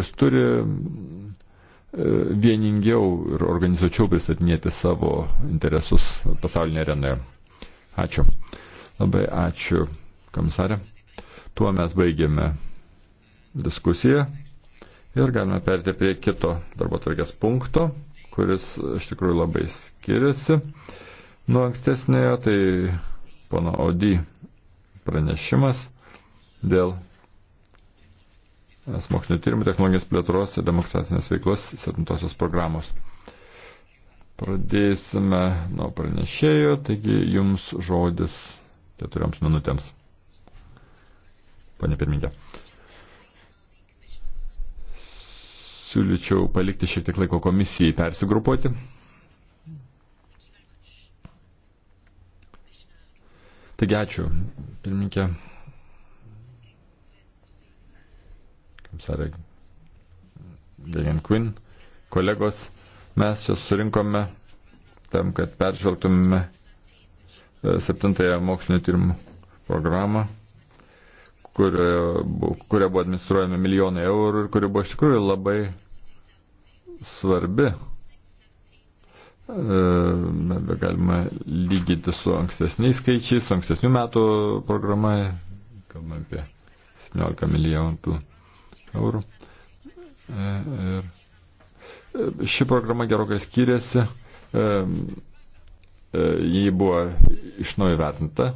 sektorius turi e, vieningiau ir organizuočiau pristatinėti savo interesus pasaulinėje arenoje. Ačiū. Labai ačiū, komisarė. Tuo mes baigėme diskusiją ir galime perėti prie kito darbo tvarkės punkto, kuris iš tikrųjų labai skiriasi nuo ankstesnėjo, tai pono Odi pranešimas dėl mokslinio tyrimų technologijos plėtros ir demokratinės veiklos 7 programos. Pradėsime nuo pranešėjo, taigi jums žodis keturioms minutėms. Pane pirmininkė. Siūlyčiau palikti šiek tiek laiko komisijai persigrupuoti. Taigi ačiū, pirmininkė. komisarė Daniel Quinn, kolegos, mes čia surinkome tam, kad peržvelgtume e, septintąją mokslinio tyrimų programą, kuria buvo administruojami milijonai eurų ir kuri buvo iš tikrųjų labai svarbi. E, be galima lygyti su ankstesniais skaičiais, su ankstesnių metų programa, kalbame apie 17 milijonų eurų. E, ir e, ši programa gerokai skiriasi, e, jį buvo iš naujo vertinta.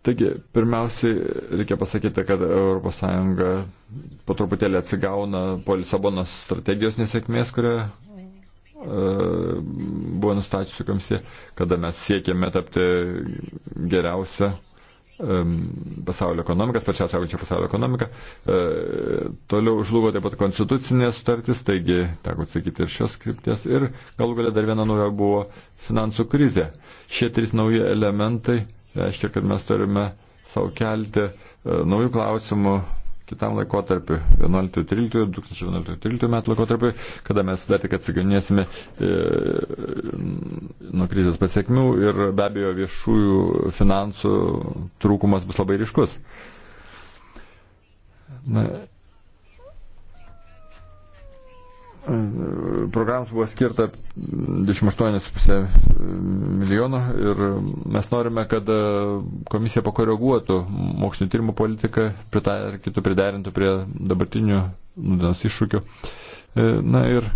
Taigi, pirmiausiai reikia pasakyti, kad ES po truputėlį atsigauna po Lisabonos strategijos nesėkmės, kurią buvo nustačiusi komisija, kada mes siekėme tapti geriausią pasaulio ekonomiką, sparčiausiai augančią pasaulio ekonomiką. E, toliau žlugo taip pat konstitucinės sutartys, taigi teko atsakyti ir šios krypties. Ir galų galia dar viena nauja buvo finansų krizė. Šie trys nauji elementai reiškia, kad mes turime savo kelti e, naujų klausimų, kitam laikotarpiu, 2011-2013 metų laikotarpiu, kada mes dar tik atsiganėsime e, nuo krizės pasiekmių ir be abejo viešųjų finansų trūkumas bus labai ryškus. Na, Programs buvo skirta 28,5 milijono ir mes norime, kad e, komisija pakoreguotų mokslinio tyrimų politiką, pritaikytų, priderintų prie dabartinių nudenos iššūkių. E, na ir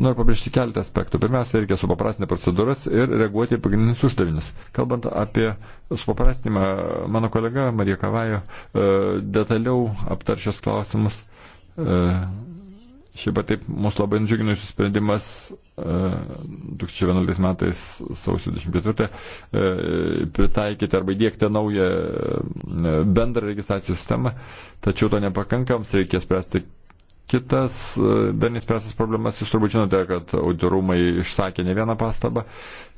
noriu pabrėžti keletą aspektų. Pirmiausia, reikia supaprastinti procedūras ir reaguoti į pagrindinius uždavinius. Kalbant apie supaprastinimą, mano kolega Marija Kavajo e, detaliau aptaršios klausimus. E, Šiaip ar taip, mūsų labai nudžiuginusi sprendimas 2011 e, metais sausio 24 e, pritaikyti arba įdėkti naują e, bendrą registracijos sistemą, tačiau to nepakankams reikia spręsti kitas dar nespręstas problemas. Jūs turbūt žinote, kad auditorumai išsakė ne vieną pastabą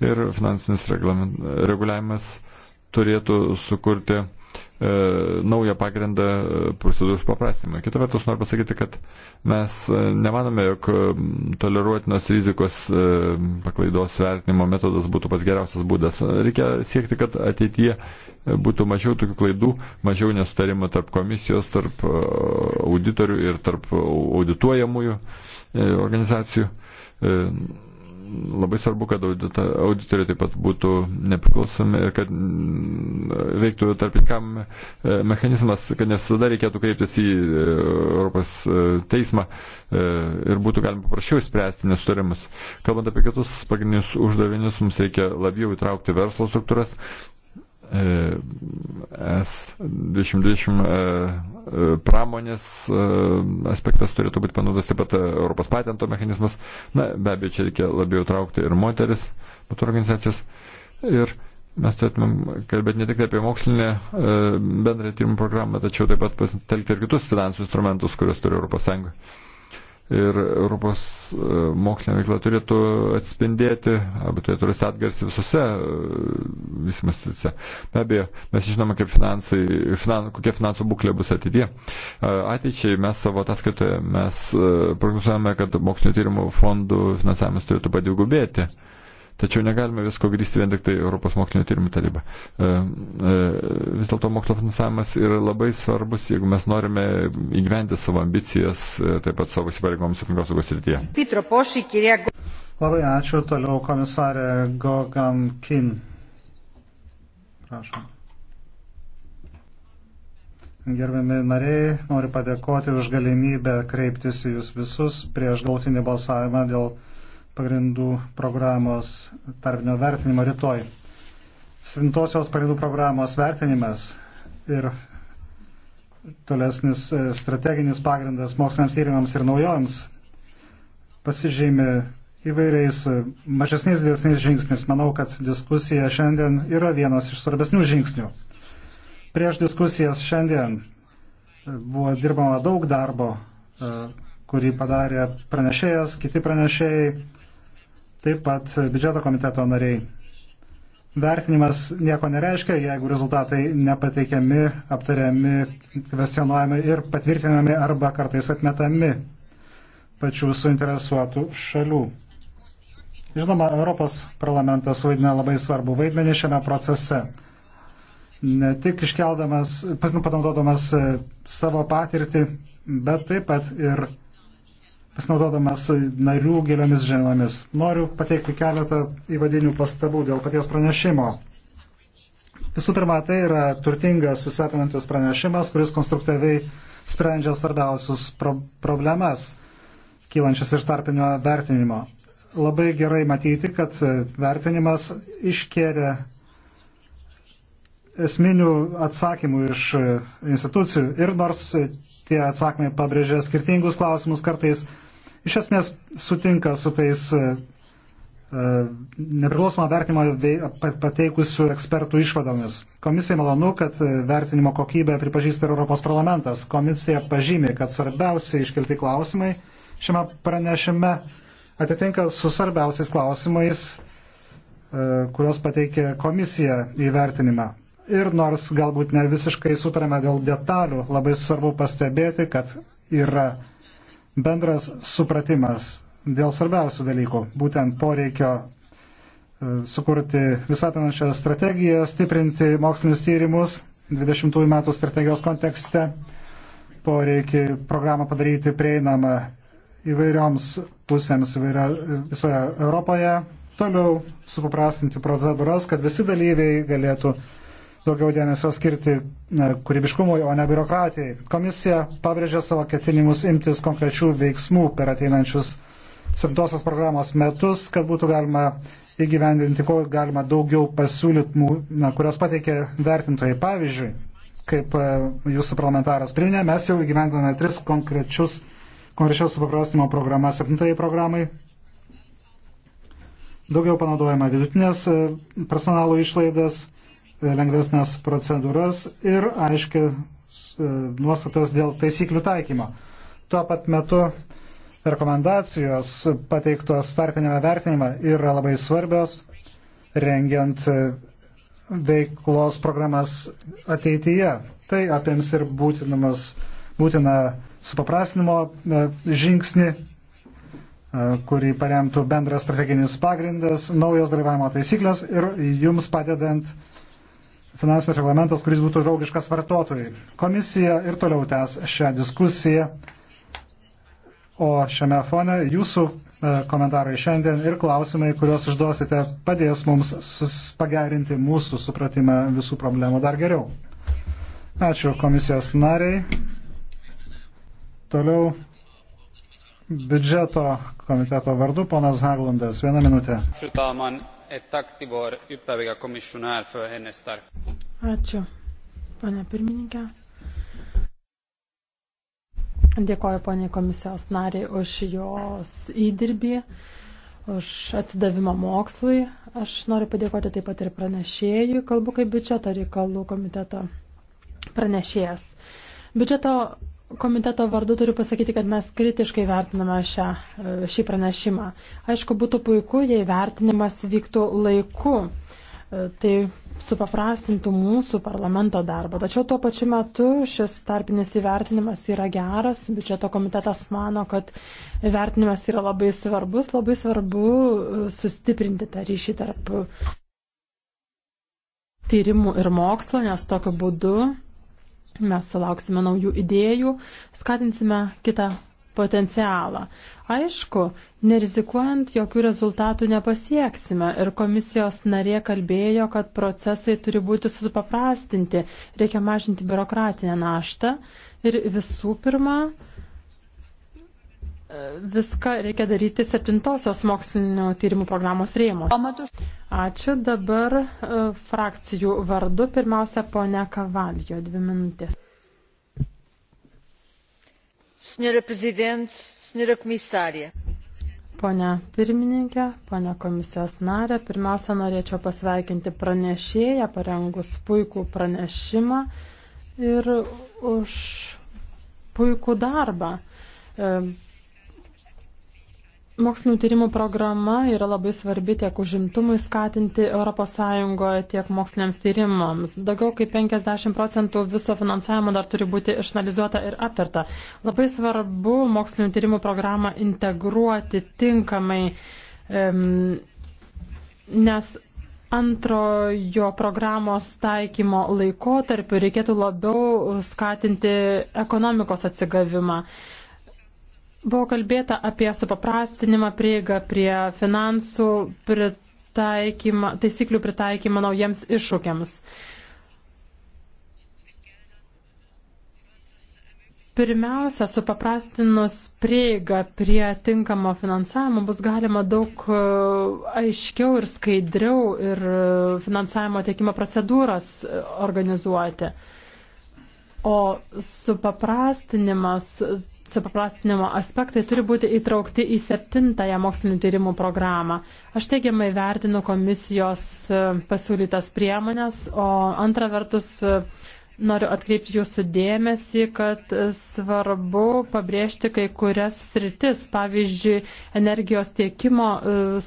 ir finansinis reguliavimas turėtų sukurti E, naują pagrindą e, procedūros paprastimui. Kita vertus, noriu pasakyti, kad mes e, nemanome, jog toleruotinos rizikos paklaidos vertinimo metodas būtų pats geriausias būdas. Reikia siekti, kad ateityje būtų mažiau tokių klaidų, mažiau nesutarimų tarp komisijos, tarp auditorių ir tarp audituojamųjų organizacijų labai svarbu, kad audita, auditoriai taip pat būtų nepriklausomi ir kad mm, veiktų tarpininkam e, mechanizmas, kad nes tada reikėtų kreiptis į e, Europos e, teismą ir būtų galima paprasčiau spręsti nesutarimus. Kalbant apie kitus pagrindinius uždavinius, mums reikia labiau įtraukti verslo struktūras, S2020 e, e, pramonės e, aspektas turėtų būti panaudotas, taip pat Europos patento mechanizmas. Na, be abejo, čia reikia labiau traukti ir moteris, pat organizacijas. Ir mes turėtumėm kalbėti ne tik apie mokslinę bendrą tyrimų programą, tačiau taip pat pasitelkti ir kitus finansų instrumentus, kuriuos turi Europos Sąjunga ir Europos e, mokslinė veikla turėtų atspindėti, arba turėtų rasti atgarsį visose e, visimas srityse. Be abejo, mes žinome, kaip finansai, finan, kokia finansų būklė bus ateityje. E, ateičiai mes savo ataskaitoje mes prognozuojame, kad mokslinio tyrimų fondų finansavimas turėtų padvigubėti. Tačiau negalime visko grįsti vien tik tai Europos mokslinio tyrimų taryba. E, e, vis dėlto mokslo finansavimas yra labai svarbus, jeigu mes norime įgyventi savo ambicijas, e, taip pat savo įsipareigomus aplinkosaugos srityje. Labai ačiū. Toliau komisarė Gogan Kin. Prašom. Gerbiami nariai, noriu padėkoti už galimybę kreiptis į jūs visus prieš gautinį balsavimą dėl pagrindų programos tarpinio vertinimo rytoj. Svintosios pagrindų programos vertinimas ir tolesnis e, strateginis pagrindas moksliniams tyrimams ir naujojams pasižymi įvairiais e, mažesniais didesniais žingsniais. Manau, kad diskusija šiandien yra vienas iš svarbesnių žingsnių. Prieš diskusijas šiandien e, buvo dirbama daug darbo kurį padarė pranešėjas, kiti pranešėjai, taip pat biudžeto komiteto nariai. Vertinimas nieko nereiškia, jeigu rezultatai nepateikiami, aptariami, kvestionuojami ir patvirtinami arba kartais atmetami pačių suinteresuotų šalių. Žinoma, Europos parlamentas vaidina labai svarbu vaidmenį šiame procese. Ne tik iškeldamas, pasinaudodamas nu, e, savo patirtį, bet taip pat ir pasinaudodamas narių giliomis žiniomis. Noriu pateikti keletą įvadinių pastabų dėl paties pranešimo. Visų pirma, tai yra turtingas visapimantis pranešimas, kuris konstruktyviai sprendžia svarbiausius pro problemas kylančias iš tarpinio vertinimo. Labai gerai matyti, kad vertinimas iškėlė esminių atsakymų iš institucijų ir nors tie atsakymai pabrėžia skirtingus klausimus, kartais iš esmės sutinka su tais e, e, nepriklausomą vertinimą pateikusių ekspertų išvadomis. Komisijai malonu, kad e, vertinimo kokybę pripažįsta ir Europos parlamentas. Komisija pažymė, kad svarbiausiai iškelti klausimai šiame pranešime atitinka su svarbiausiais klausimais, kuriuos pateikė komisija įvertinimą. Ir nors galbūt ne visiškai sutarėme dėl detalių, labai svarbu pastebėti, kad yra bendras supratimas dėl svarbiausių dalykų, būtent poreikio e, sukurti visapinančią strategiją, stiprinti mokslinius tyrimus 20 metų strategijos kontekste, poreikį programą padaryti prieinamą įvairioms pusėms įvairia, visoje Europoje, toliau supaprastinti procedūras, kad visi dalyviai galėtų daugiau dėmesio skirti e, kūrybiškumui, o ne biurokratijai. Komisija pabrėžė savo ketinimus imtis konkrečių veiksmų per ateinančius septintosios programos metus, kad būtų galima įgyvendinti, ko galima daugiau pasiūlymų, kurios pateikė vertintojai. Pavyzdžiui, kaip e, jūsų parlamentaras priminė, mes jau įgyvendiname tris konkrečius, konkrečios supaprastinimo programas septintai programai. Daugiau panaudojama vidutinės e, personalo išlaidas lengvesnės procedūras ir aiškia e, nuostatas dėl taisyklių taikymo. Tuo pat metu rekomendacijos pateiktos tarpinėme vertinime yra labai svarbios, rengiant e, veiklos programas ateityje. Tai apims ir būtinamas, būtina supaprastinimo e, žingsnį, kurį paremtų bendras strateginis pagrindas, naujos dalyvavimo taisyklės ir jums padedant uh, finansinis reglamentas, kuris būtų draugiškas vartotojai. Komisija ir toliau tęs šią diskusiją. O šiame fone jūsų e, komentarai šiandien ir klausimai, kuriuos užduosite, padės mums pagerinti mūsų supratimą visų problemų dar geriau. Ačiū komisijos nariai. Toliau biudžeto komiteto vardu ponas Haglundas. Vieną minutę. Fru talman, Ačiū, pane pirmininkė. Dėkoju poniai komisijos nariai už jos įdirbį, už atsidavimą mokslui. Aš noriu padėkoti taip pat ir pranešėjui, kalbu kaip biudžeto reikalų komiteto pranešėjas. Biudžeto komiteto vardu turiu pasakyti, kad mes kritiškai vertiname šią, šį pranešimą. Aišku, būtų puiku, jei vertinimas vyktų laiku. Tai supaprastintų mūsų parlamento darbą. Tačiau tuo pačiu metu šis tarpinis įvertinimas yra geras. Biudžeto komitetas mano, kad vertinimas yra labai svarbus. Labai svarbu sustiprinti tą ryšį tarp tyrimų ir mokslo, nes tokiu būdu Mes sulauksime naujų idėjų, skatinsime kitą potencialą. Aišku, nerizikuojant jokių rezultatų nepasieksime ir komisijos narė kalbėjo, kad procesai turi būti supaprastinti, reikia mažinti biurokratinę naštą ir visų pirma, viską reikia daryti septintosios mokslinio tyrimų programos rėmos. Ačiū dabar e, frakcijų vardu. Pirmiausia, ponia Kavalijo, dvi minutės. Senora prezident, senora komisarė. Pone pirmininkė, pone komisijos narė, pirmiausia, norėčiau pasveikinti pranešėją, parengus puikų pranešimą ir už puikų darbą e, Mokslinių tyrimų programa yra labai svarbi tiek užimtumui skatinti ES, tiek moksliniams tyrimams. Daugiau kaip 50 procentų viso finansavimo dar turi būti išanalizuota ir aptarta. Labai svarbu mokslinių tyrimų programą integruoti tinkamai, nes antrojo programos taikymo laikotarpiu reikėtų labiau skatinti ekonomikos atsigavimą. Buvo kalbėta apie supaprastinimą prieigą prie finansų pritaikymą, taisyklių pritaikymą naujiems iššūkiams. Pirmiausia, supaprastinus prieigą prie tinkamo finansavimo bus galima daug e, aiškiau ir skaidriau ir e, finansavimo teikimo procedūras e, organizuoti. O supaprastinimas supaprastinimo aspektai turi būti įtraukti į septintąją mokslinių tyrimų programą. Aš teigiamai vertinu komisijos e, pasiūlytas priemonės, o antra vertus e, noriu atkreipti jūsų dėmesį, kad e, svarbu pabrėžti kai kurias sritis, pavyzdžiui, energijos tiekimo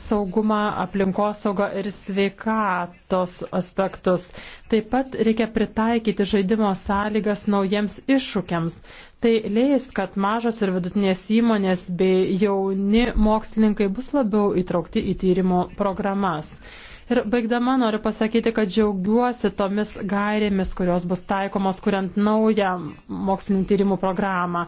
saugumą, aplinkosaugą ir sveikatos aspektus. Taip pat reikia pritaikyti žaidimo sąlygas naujiems iššūkiams. Tai leis, kad mažos ir vidutinės įmonės bei jauni mokslininkai bus labiau įtraukti į tyrimo programas. Ir baigdama noriu pasakyti, kad džiaugiuosi tomis gairėmis, kurios bus taikomos, kuriant naują mokslinių tyrimų programą.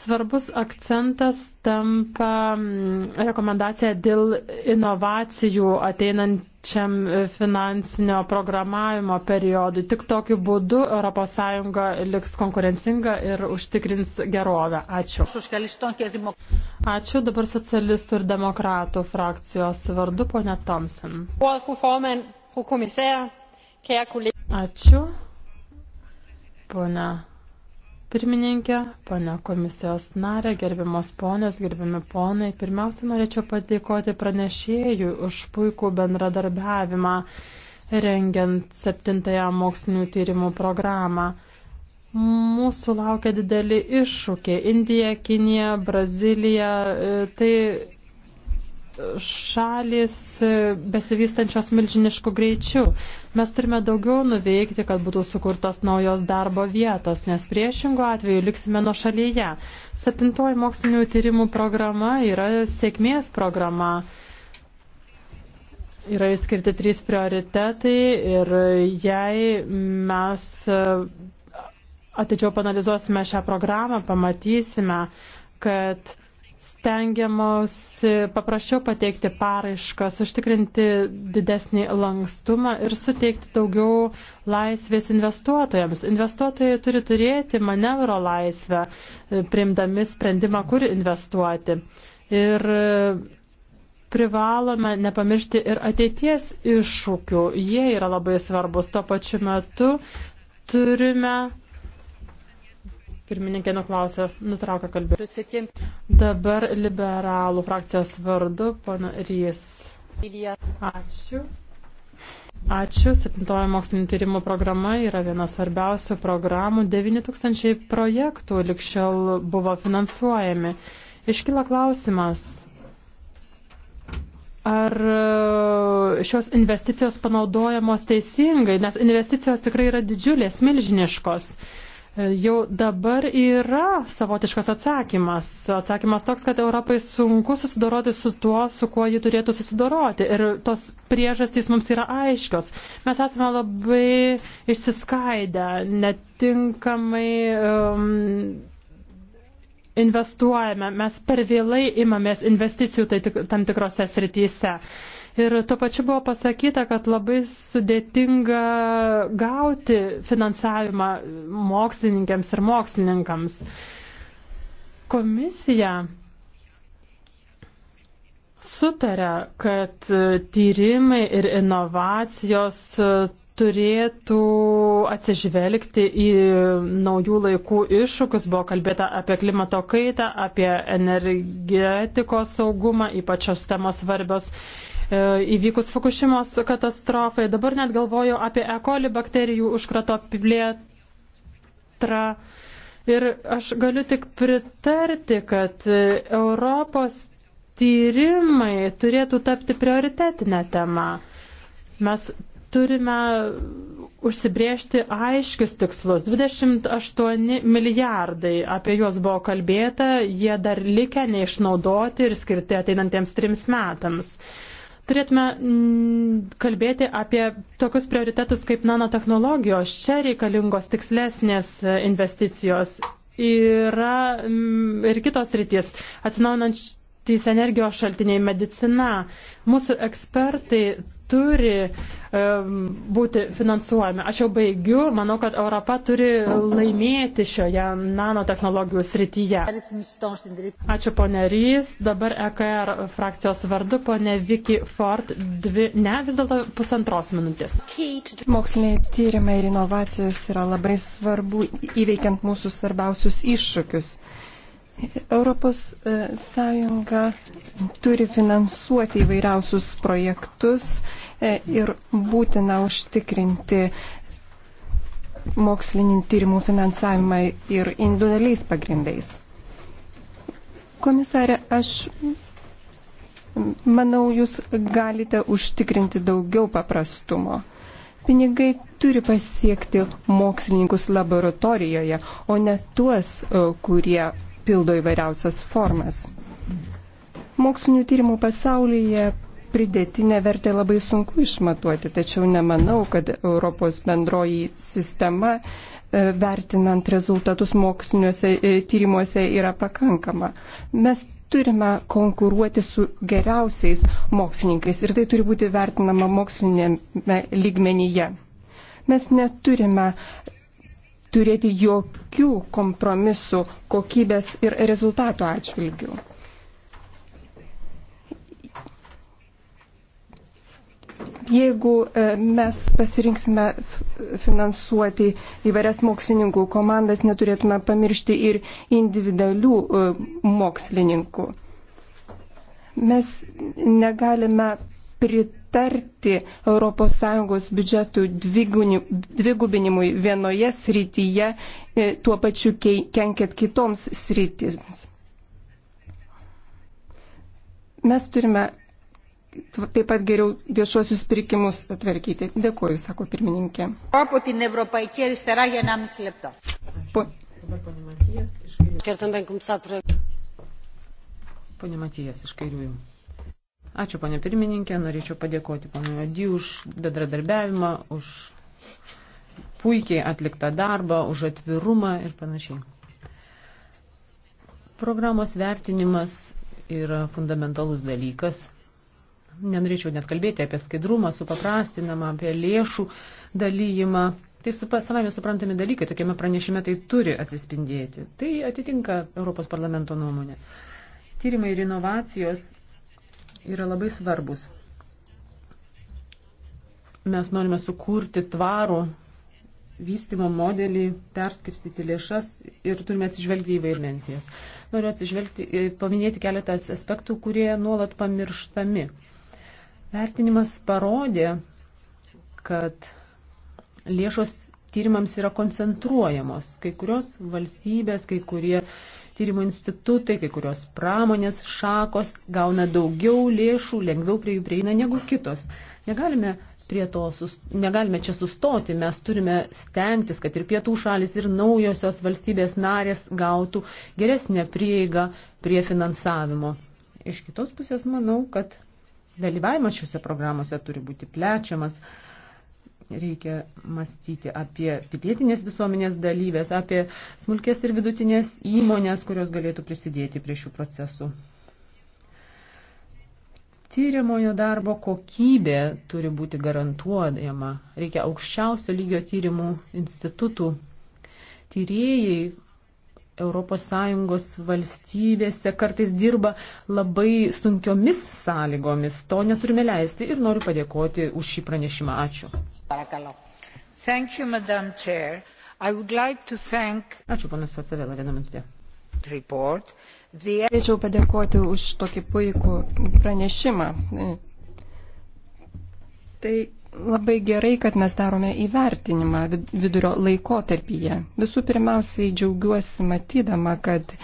Svarbus akcentas tampa mm, rekomendacija dėl inovacijų ateinant šiam e, finansinio programavimo periodui. Tik tokiu būdu ES liks konkurencinga ir užtikrins gerovę. Ačiū. Ačiū dabar socialistų ir demokratų frakcijos vardu, ponė Thompson. Ačiū, ponė Pirmininkė, pane komisijos narė, gerbiamos ponės, gerbiami ponai, pirmiausia norėčiau padėkoti pranešėjui už puikų bendradarbiavimą rengiant septintąją mokslinių tyrimų programą. Mūsų laukia dideli iššūkiai - Indija, Kinija, Brazilija. E, tai šalis besivystančios milžinišku greičiu. Mes turime daugiau nuveikti, kad būtų sukurtos naujos darbo vietos, nes priešingų atveju liksime nuo šalyje. Septintoji mokslinių tyrimų programa yra sėkmės programa. Yra įskirti trys prioritetai ir jei mes e, atidžiau panalizuosime šią programą, pamatysime, kad stengiamosi paprasčiau pateikti paraiškas, užtikrinti didesnį lankstumą ir suteikti daugiau laisvės investuotojams. Investuotojai turi turėti manevro laisvę, e, priimdami sprendimą, kur investuoti. Ir e, privalome nepamiršti ir ateities iššūkių. Jie yra labai svarbus. Tuo pačiu metu turime Pirmininkė nuklausė, nutraukė kalbėti. Dabar liberalų frakcijos vardu, pana Rys. Ačiū. Ačiū. Septintoji mokslinio tyrimų programa yra viena svarbiausių programų. 9000 projektų likščiau buvo finansuojami. Iškyla klausimas, ar e, šios investicijos panaudojamos teisingai, nes investicijos tikrai yra didžiulės, milžiniškos. E, jau dabar yra savotiškas atsakymas. Atsakymas toks, kad Europai sunku susidoroti su tuo, su kuo ji turėtų susidoroti. Ir tos priežastys mums yra aiškios. Mes esame labai išsiskaidę, netinkamai um, investuojame, mes per vėlai imamės investicijų tai tik, tam tikrose srityse. Uh, Ir tuo pačiu buvo pasakyta, kad labai sudėtinga gauti finansavimą mokslininkėms ir mokslininkams. Komisija sutarė, kad tyrimai ir inovacijos turėtų atsižvelgti į naujų laikų iššūkius. Buvo kalbėta apie klimato kaitą, apie energetikos saugumą, ypač šios temos svarbios. E, įvykus Fukushimos katastrofai. Dabar net galvoju apie E. coli bakterijų užkrato plėtrą. Ir aš galiu tik pritarti, kad Europos tyrimai turėtų tapti prioritetinę temą. Mes turime užsibriežti aiškius tikslus. 28 milijardai, apie juos buvo kalbėta, jie dar likę neišnaudoti ir skirti ateinantiems trims metams turėtume mm, kalbėti apie tokius prioritetus kaip nanotehnologijos. Čia reikalingos tikslesnės e, investicijos. Yra mm, ir kitos rytis. Atsinaunantys energijos šaltiniai, medicina. Mūsų ekspertai turi būti finansuojami. Aš jau baigiu, manau, kad Europa turi laimėti šioje nanotehnologijų srityje. Ačiū ponė Rys, dabar EKR frakcijos vardu ponė Vicky Ford, dvi, ne, vis dėlto pusantros minutės. Moksliniai tyrimai ir inovacijos yra labai svarbu įveikiant mūsų svarbiausius iššūkius. Europos e, Sąjunga turi finansuoti įvairiausius projektus e, ir būtina užtikrinti mokslinį tyrimų finansavimą ir individualiais pagrindais. Komisarė, aš manau, jūs galite užtikrinti daugiau paprastumo. Pinigai turi pasiekti mokslininkus laboratorijoje, o ne tuos, e, kurie pildo įvairiausias formas. Mokslinių tyrimų pasaulyje pridėtinę vertę labai sunku išmatuoti, tačiau nemanau, kad Europos bendroji sistema e, vertinant rezultatus moksliniuose e, tyrimuose yra pakankama. Mes turime konkuruoti su geriausiais mokslininkais ir tai turi būti vertinama mokslinėme lygmenyje. Mes neturime turėti jokių kompromisų kokybės ir rezultato atžvilgių. Jeigu e, mes pasirinksime finansuoti įvairias mokslininkų komandas, neturėtume pamiršti ir individualių e, mokslininkų. Mes negalime pritarti pritarti ES biudžetų dvigubinimui vienoje srityje, e, tuo pačiu kenkiat kitoms sritims. Mes turime taip pat geriau viešuosius pirkimus atvarkyti. Dėkuoju, sako pirmininkė. Po... Pone Matijas iš kairiųjų. Ačiū, ponė pirmininkė. Norėčiau padėkoti ponui Adi už bedradarbiavimą, už puikiai atliktą darbą, už atvirumą ir panašiai. Programos vertinimas yra fundamentalus dalykas. Nenorėčiau net kalbėti apie skaidrumą, supaprastinamą, apie lėšų dalyjimą. Tai su, savai mes suprantami dalykai, tokiame pranešime tai turi atsispindėti. Tai atitinka Europos parlamento nuomonė. Tyrimai ir inovacijos yra labai svarbus. Mes norime sukurti tvarų vystimo modelį, perskirstyti lėšas ir turime atsižvelgti į vaidmencijas. Noriu atsižvelgti, e, paminėti keletą aspektų, kurie nuolat pamirštami. Vertinimas parodė, kad lėšos tyrimams yra koncentruojamos. Kai kurios valstybės, kai kurie uh, tyrimo institutai, kai kurios pramonės šakos gauna daugiau lėšų, lengviau prie jų prieina negu kitos. Negalime prie to, negalime čia sustoti, mes turime stengtis, kad ir pietų šalis, ir naujosios valstybės narės gautų geresnę prieigą prie finansavimo. Iš kitos pusės manau, kad dalyvavimas šiuose programuose turi būti plečiamas. Reikia mąstyti apie pilietinės visuomenės dalyvės, apie smulkės ir vidutinės įmonės, kurios galėtų prisidėti prie šių procesų. Tyriamojo darbo kokybė turi būti garantuojama. Reikia aukščiausio lygio tyrimų institutų. Tyrėjai ES valstybėse kartais dirba labai sunkiomis sąlygomis. To neturime leisti ir noriu padėkoti už šį pranešimą. Ačiū. Παρακαλώ. Thank you, Madam Chair. I would like to thank... Ačiū, panas Vatsavėla, vieną minutę. Norėčiau The... padėkoti už tokį puikų pranešimą. Tai labai gerai, kad mes darome įvertinimą vidurio laikotarpyje. Visų pirmiausiai džiaugiuosi matydama, kad e,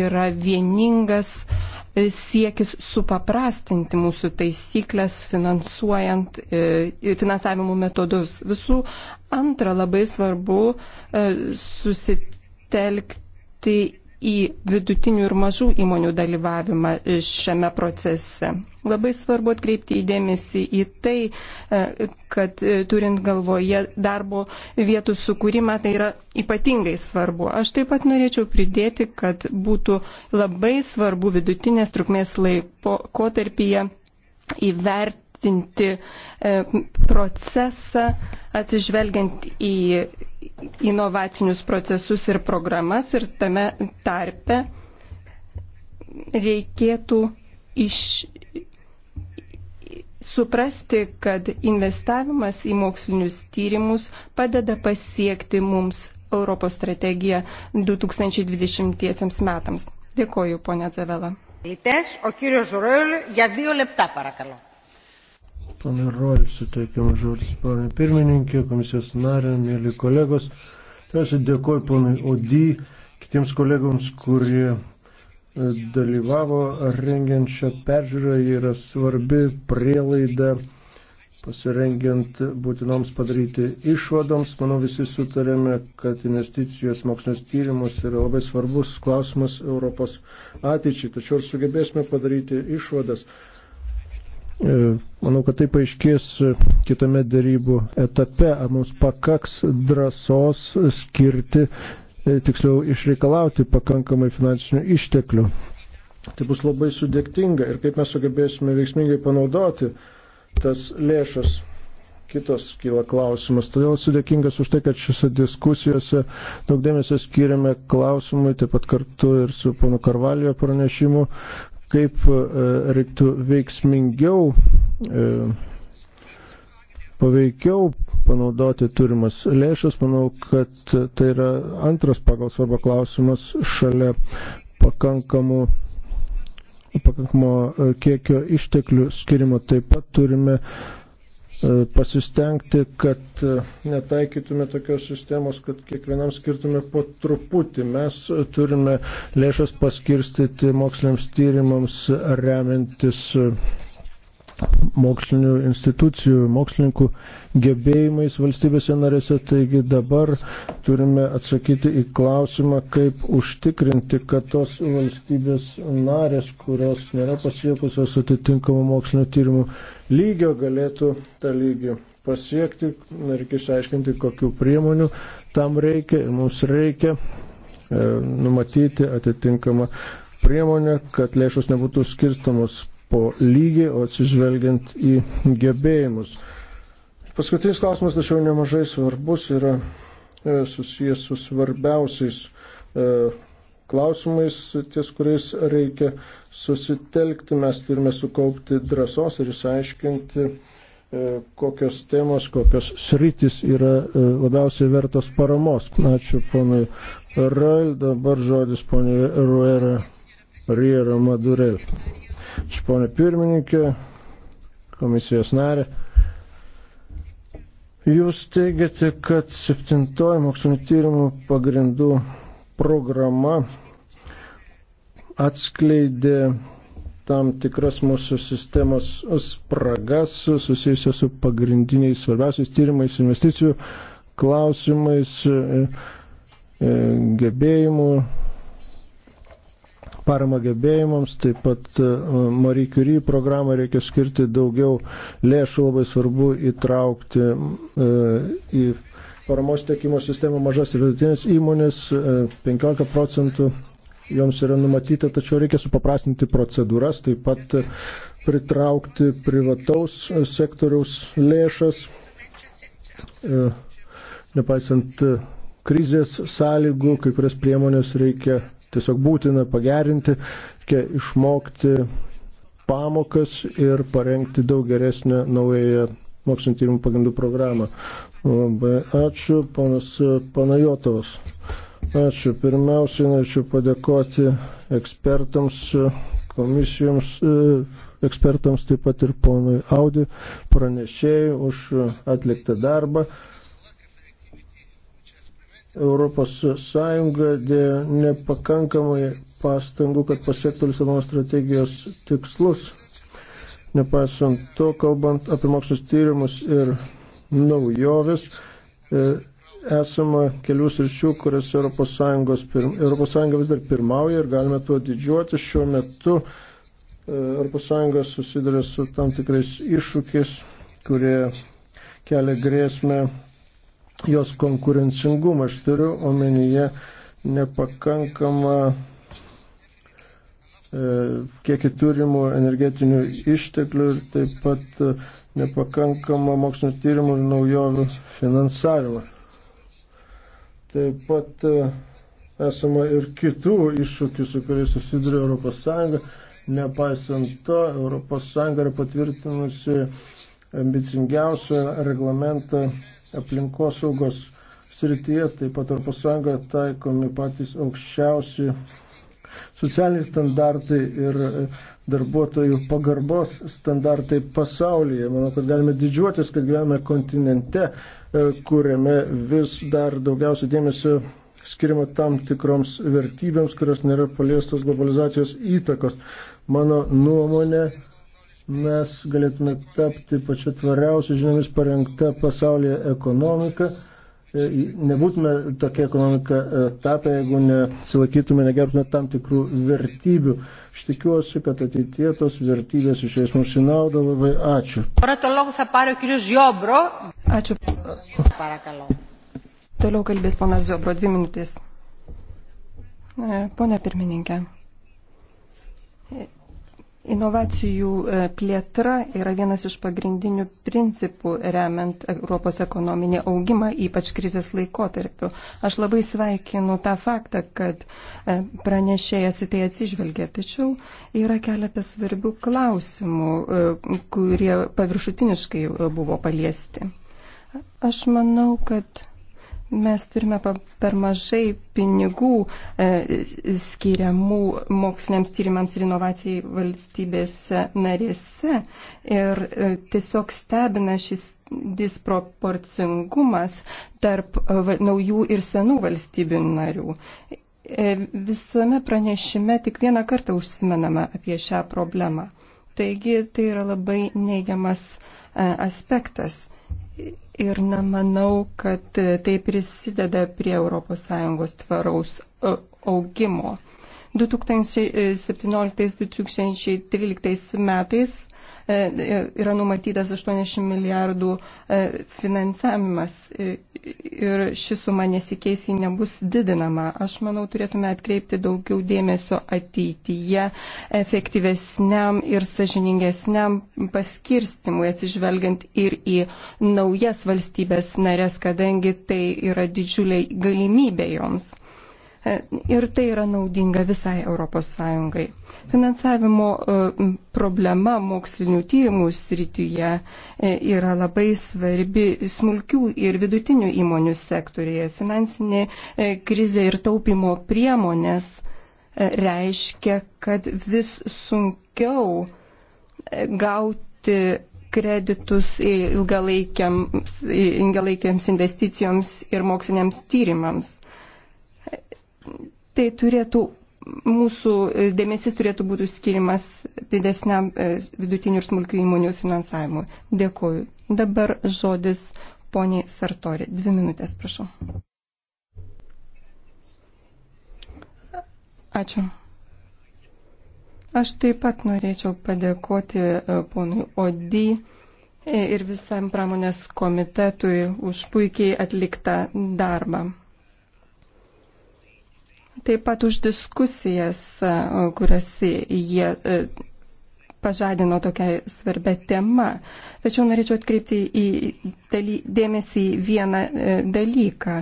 yra vieningas e, siekis supaprastinti mūsų taisyklės finansuojant e, finansavimo metodus. Visų antra labai svarbu susitelkti į vidutinių ir mažų įmonių dalyvavimą e, šiame procese. Labai svarbu atkreipti įdėmėsi į tai, e, kad e, turint galvoje darbo vietų sukūrimą, tai yra ypatingai svarbu. Aš taip pat norėčiau pridėti, kad būtų labai svarbu vidutinės trukmės laiko kotarpyje įvertinti procesą atsižvelgiant į inovacinius procesus ir programas ir tame tarpe reikėtų iš, suprasti, kad investavimas į mokslinius tyrimus padeda pasiekti mums Europos strategiją 2020 metams. Dėkoju, ponia Zavela. Lytes, o kyrios Žurel, για δύο λεπτά παρακαλώ. Pana Roil suteikiamas žodis, pana pirmininkė, komisijos narė, mėly kolegos. Pirmiausia, dėkoju ponui Odį, kitiems kolegoms, kurie e, dalyvavo rengiant šią peržiūrą, ji yra svarbi prielaida pasirengiant būtinoms padaryti išvadoms. Manau, visi sutarėme, kad investicijos mokslinis tyrimus yra labai svarbus klausimas Europos ateičiai, tačiau ir sugebėsime padaryti išvadas. E, manau, kad tai paaiškės kitame darybų etape, ar mums pakaks drąsos skirti, e, tiksliau išreikalauti pakankamai finansinių išteklių. Tai bus labai sudėktinga ir kaip mes sugebėsime veiksmingai panaudoti tas lėšas. Kitas kyla klausimas. Todėl esu dėkingas už tai, kad šiuose diskusijose daug dėmesio skiriame klausimui, taip pat kartu ir su ponu Karvalijo pranešimu, kaip e, reiktų veiksmingiau, e, paveikiau panaudoti turimas lėšas, manau, kad tai yra antras pagal svarbą klausimas šalia pakankamų pakankamo e, kiekio išteklių skirimo. Taip pat turime E, pasistengti, kad e, netaikytume tokios sistemos, kad kiekvienam skirtume po truputį. Mes turime lėšas paskirstyti moksliniams tyrimams remiantis e, mokslinių institucijų, mokslininkų gebėjimais valstybėse narėse. Taigi dabar turime atsakyti į klausimą, kaip užtikrinti, kad tos valstybės narės, kurios nėra pasiekusios atitinkamų mokslinio tyrimų lygio, galėtų tą lygį pasiekti. Reikia išaiškinti, kokiu priemonių tam reikia ir mums reikia e, numatyti atitinkamą priemonę, kad lėšos nebūtų skirstamos po lygiai, o atsižvelgiant į gebėjimus. Paskutinis klausimas, tačiau nemažai svarbus, yra e, susijęs su svarbiausiais e, klausimais, ties kuriais reikia susitelkti. Mes turime sukaupti drąsos ir išsiaiškinti, e, kokios temos, kokios sritis yra labiausiai vertos paramos. Ačiū ponui Rail, dabar žodis poniai Ruera Riera Madurel. Ačiū ponė pirmininkė, komisijos narė. Jūs teigiate, kad septintoji mokslinio tyrimų pagrindų programa atskleidė tam tikras mūsų sistemos spragas susijusios su pagrindiniais svarbiausiais tyrimais, investicijų klausimais, e, e, gebėjimų parama gebėjimams, taip pat e, Marie Curie programą reikia skirti daugiau lėšų, labai svarbu įtraukti e, į paramos tiekimo sistemą mažas ir vidutinės įmonės, 15 e, procentų joms yra numatyta, tačiau reikia supaprastinti procedūras, taip pat pritraukti privataus sektoriaus lėšas, nepaisant krizės sąlygų, kai kurias priemonės reikia tiesiog būtina pagerinti, išmokti pamokas ir parengti daug geresnę naująją mokslinio tyrimų pagrindų programą. Labai ačiū, panas Panajotovas. Ačiū. Pirmiausiai norėčiau padėkoti ekspertams, komisijoms, ekspertams taip pat ir ponui Audi pranešėjai už atliktą darbą. ES dėjo nepakankamai pastangų, kad pasiektų Lisabono strategijos tikslus. Nepaisant to, kalbant apie mokslus tyrimus ir naujovis, e, esama kelių sričių, kuriuose ES, ES vis dar pirmauja ir galime tuo didžiuoti šiuo metu. ES susiduria su tam tikrais iššūkiais, kurie kelia grėsmę jos konkurencingumą. Aš turiu omenyje nepakankamą e, kiekį turimų energetinių išteklių ir taip pat e, nepakankamą mokslinio tyrimų ir naujovių finansavimą. Taip pat e, esama ir kitų iššūkių, su kuriais susiduria ES. Nepaisant to, ES yra patvirtinusi ambicingiausią reglamentą aplinkosaugos srityje, taip pat Europos Sąjungoje taikomi patys aukščiausi socialiniai standartai ir darbuotojų pagarbos standartai pasaulyje. Manau, kad galime didžiuotis, kad gyvename kontinente, e, kuriame vis dar daugiausia dėmesio skiriama tam tikroms vertybėms, kurios nėra paliestos globalizacijos įtakos. Mano nuomonė, mes galėtume tapti pačia tvariausia žiniomis parengta pasaulyje ekonomika. E, nebūtume tokia ekonomika e, tapę, jeigu nesilakytume, negerbtume tam tikrų vertybių. Aš tikiuosi, kad ateitie tos vertybės išės mums į naudą. Labai ačiū. Ačiū. Toliau kalbės ponas Ziobro, dvi minutės. E, Pone pirmininkė. Inovacijų e, plėtra yra vienas iš pagrindinių principų remiant Europos ekonominį augimą, ypač krizės laikotarpiu. Aš labai sveikinu tą faktą, kad e, pranešėjas į tai atsižvelgia, tačiau yra keletas svarbių klausimų, e, kurie paviršutiniškai buvo paliesti. Aš manau, kad Mes turime per mažai pinigų e, skiriamų moksliniams tyrimams ir inovacijai valstybėse narėse. Ir e, tiesiog stebina šis disproporcingumas tarp e, naujų ir senų valstybių narių. E, visame pranešime tik vieną kartą užsimenama apie šią problemą. Taigi tai yra labai neigiamas e, aspektas ir nemanau, kad tai prisideda prie ES tvaraus e, augimo. 2017-2013 e, metais E, e, yra numatytas 80 milijardų e, finansavimas ir ši suma nesikeis, ji nebus didinama. Aš manau, turėtume atkreipti daugiau dėmesio ateityje efektyvesniam ir sažiningesniam paskirstimui, atsižvelgiant ir į naujas valstybės narės, kadangi tai yra didžiuliai galimybė joms. E, ir tai yra naudinga visai ES. Finansavimo e, problema mokslinių tyrimų srityje e, yra labai svarbi smulkių ir vidutinių įmonių sektorėje. Finansinė krizė ir taupimo priemonės reiškia, kad vis sunkiau gauti kreditus ilgalaikiams, ilgalaikiams investicijoms ir moksliniams tyrimams tai turėtų, mūsų dėmesys turėtų būti skirimas didesniam e, vidutinių ir smulkių įmonių finansavimui. Dėkuoju. Dabar žodis poniai Sartori. Dvi minutės, prašau. Ačiū. Aš taip pat norėčiau padėkoti e, ponui Odį e, ir visam pramonės komitetui už puikiai atliktą darbą taip pat už diskusijas, e, kurias jie e, pažadino tokia svarbia tema. Tačiau norėčiau atkreipti į daly, dėmesį į vieną e, dalyką,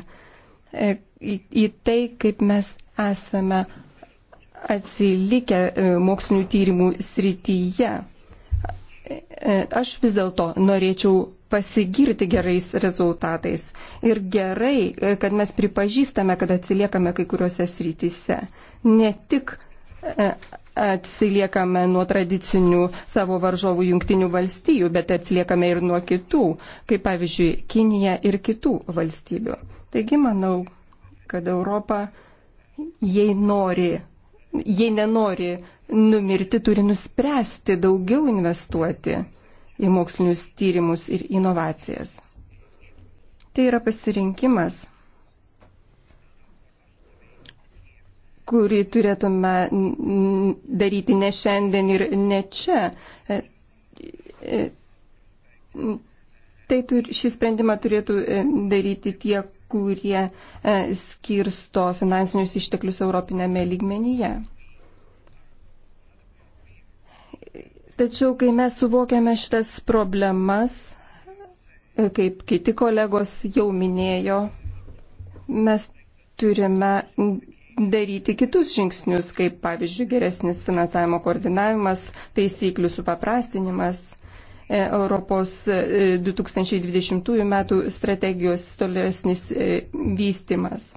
į, į tai, kaip mes esame atsilikę mokslinių tyrimų srityje. Aš vis dėlto norėčiau pasigirti gerais rezultatais. Ir gerai, e, kad mes pripažįstame, kad atsiliekame kai kuriuose srityse. Ne tik e, atsiliekame nuo tradicinių savo varžovų jungtinių valstybių, bet atsiliekame ir nuo kitų, kaip pavyzdžiui Kinija ir kitų valstybių. Taigi manau, kad Europa, jei nori, jei nenori numirti, turi nuspręsti daugiau investuoti į mokslinius tyrimus ir inovacijas. Tai yra pasirinkimas, kurį turėtume daryti ne šiandien ir ne čia. E, e, tai tur, šį sprendimą turėtų e, daryti tie, kurie skirsto finansinius išteklius Europinėme lygmenyje. Tačiau, kai mes suvokiame šitas problemas, e, kaip kiti kolegos jau minėjo, mes turime daryti kitus žingsnius, kaip pavyzdžiui geresnis finansavimo koordinavimas, taisyklių supaprastinimas, e, Europos 2020 e, m. strategijos tolesnis vystimas.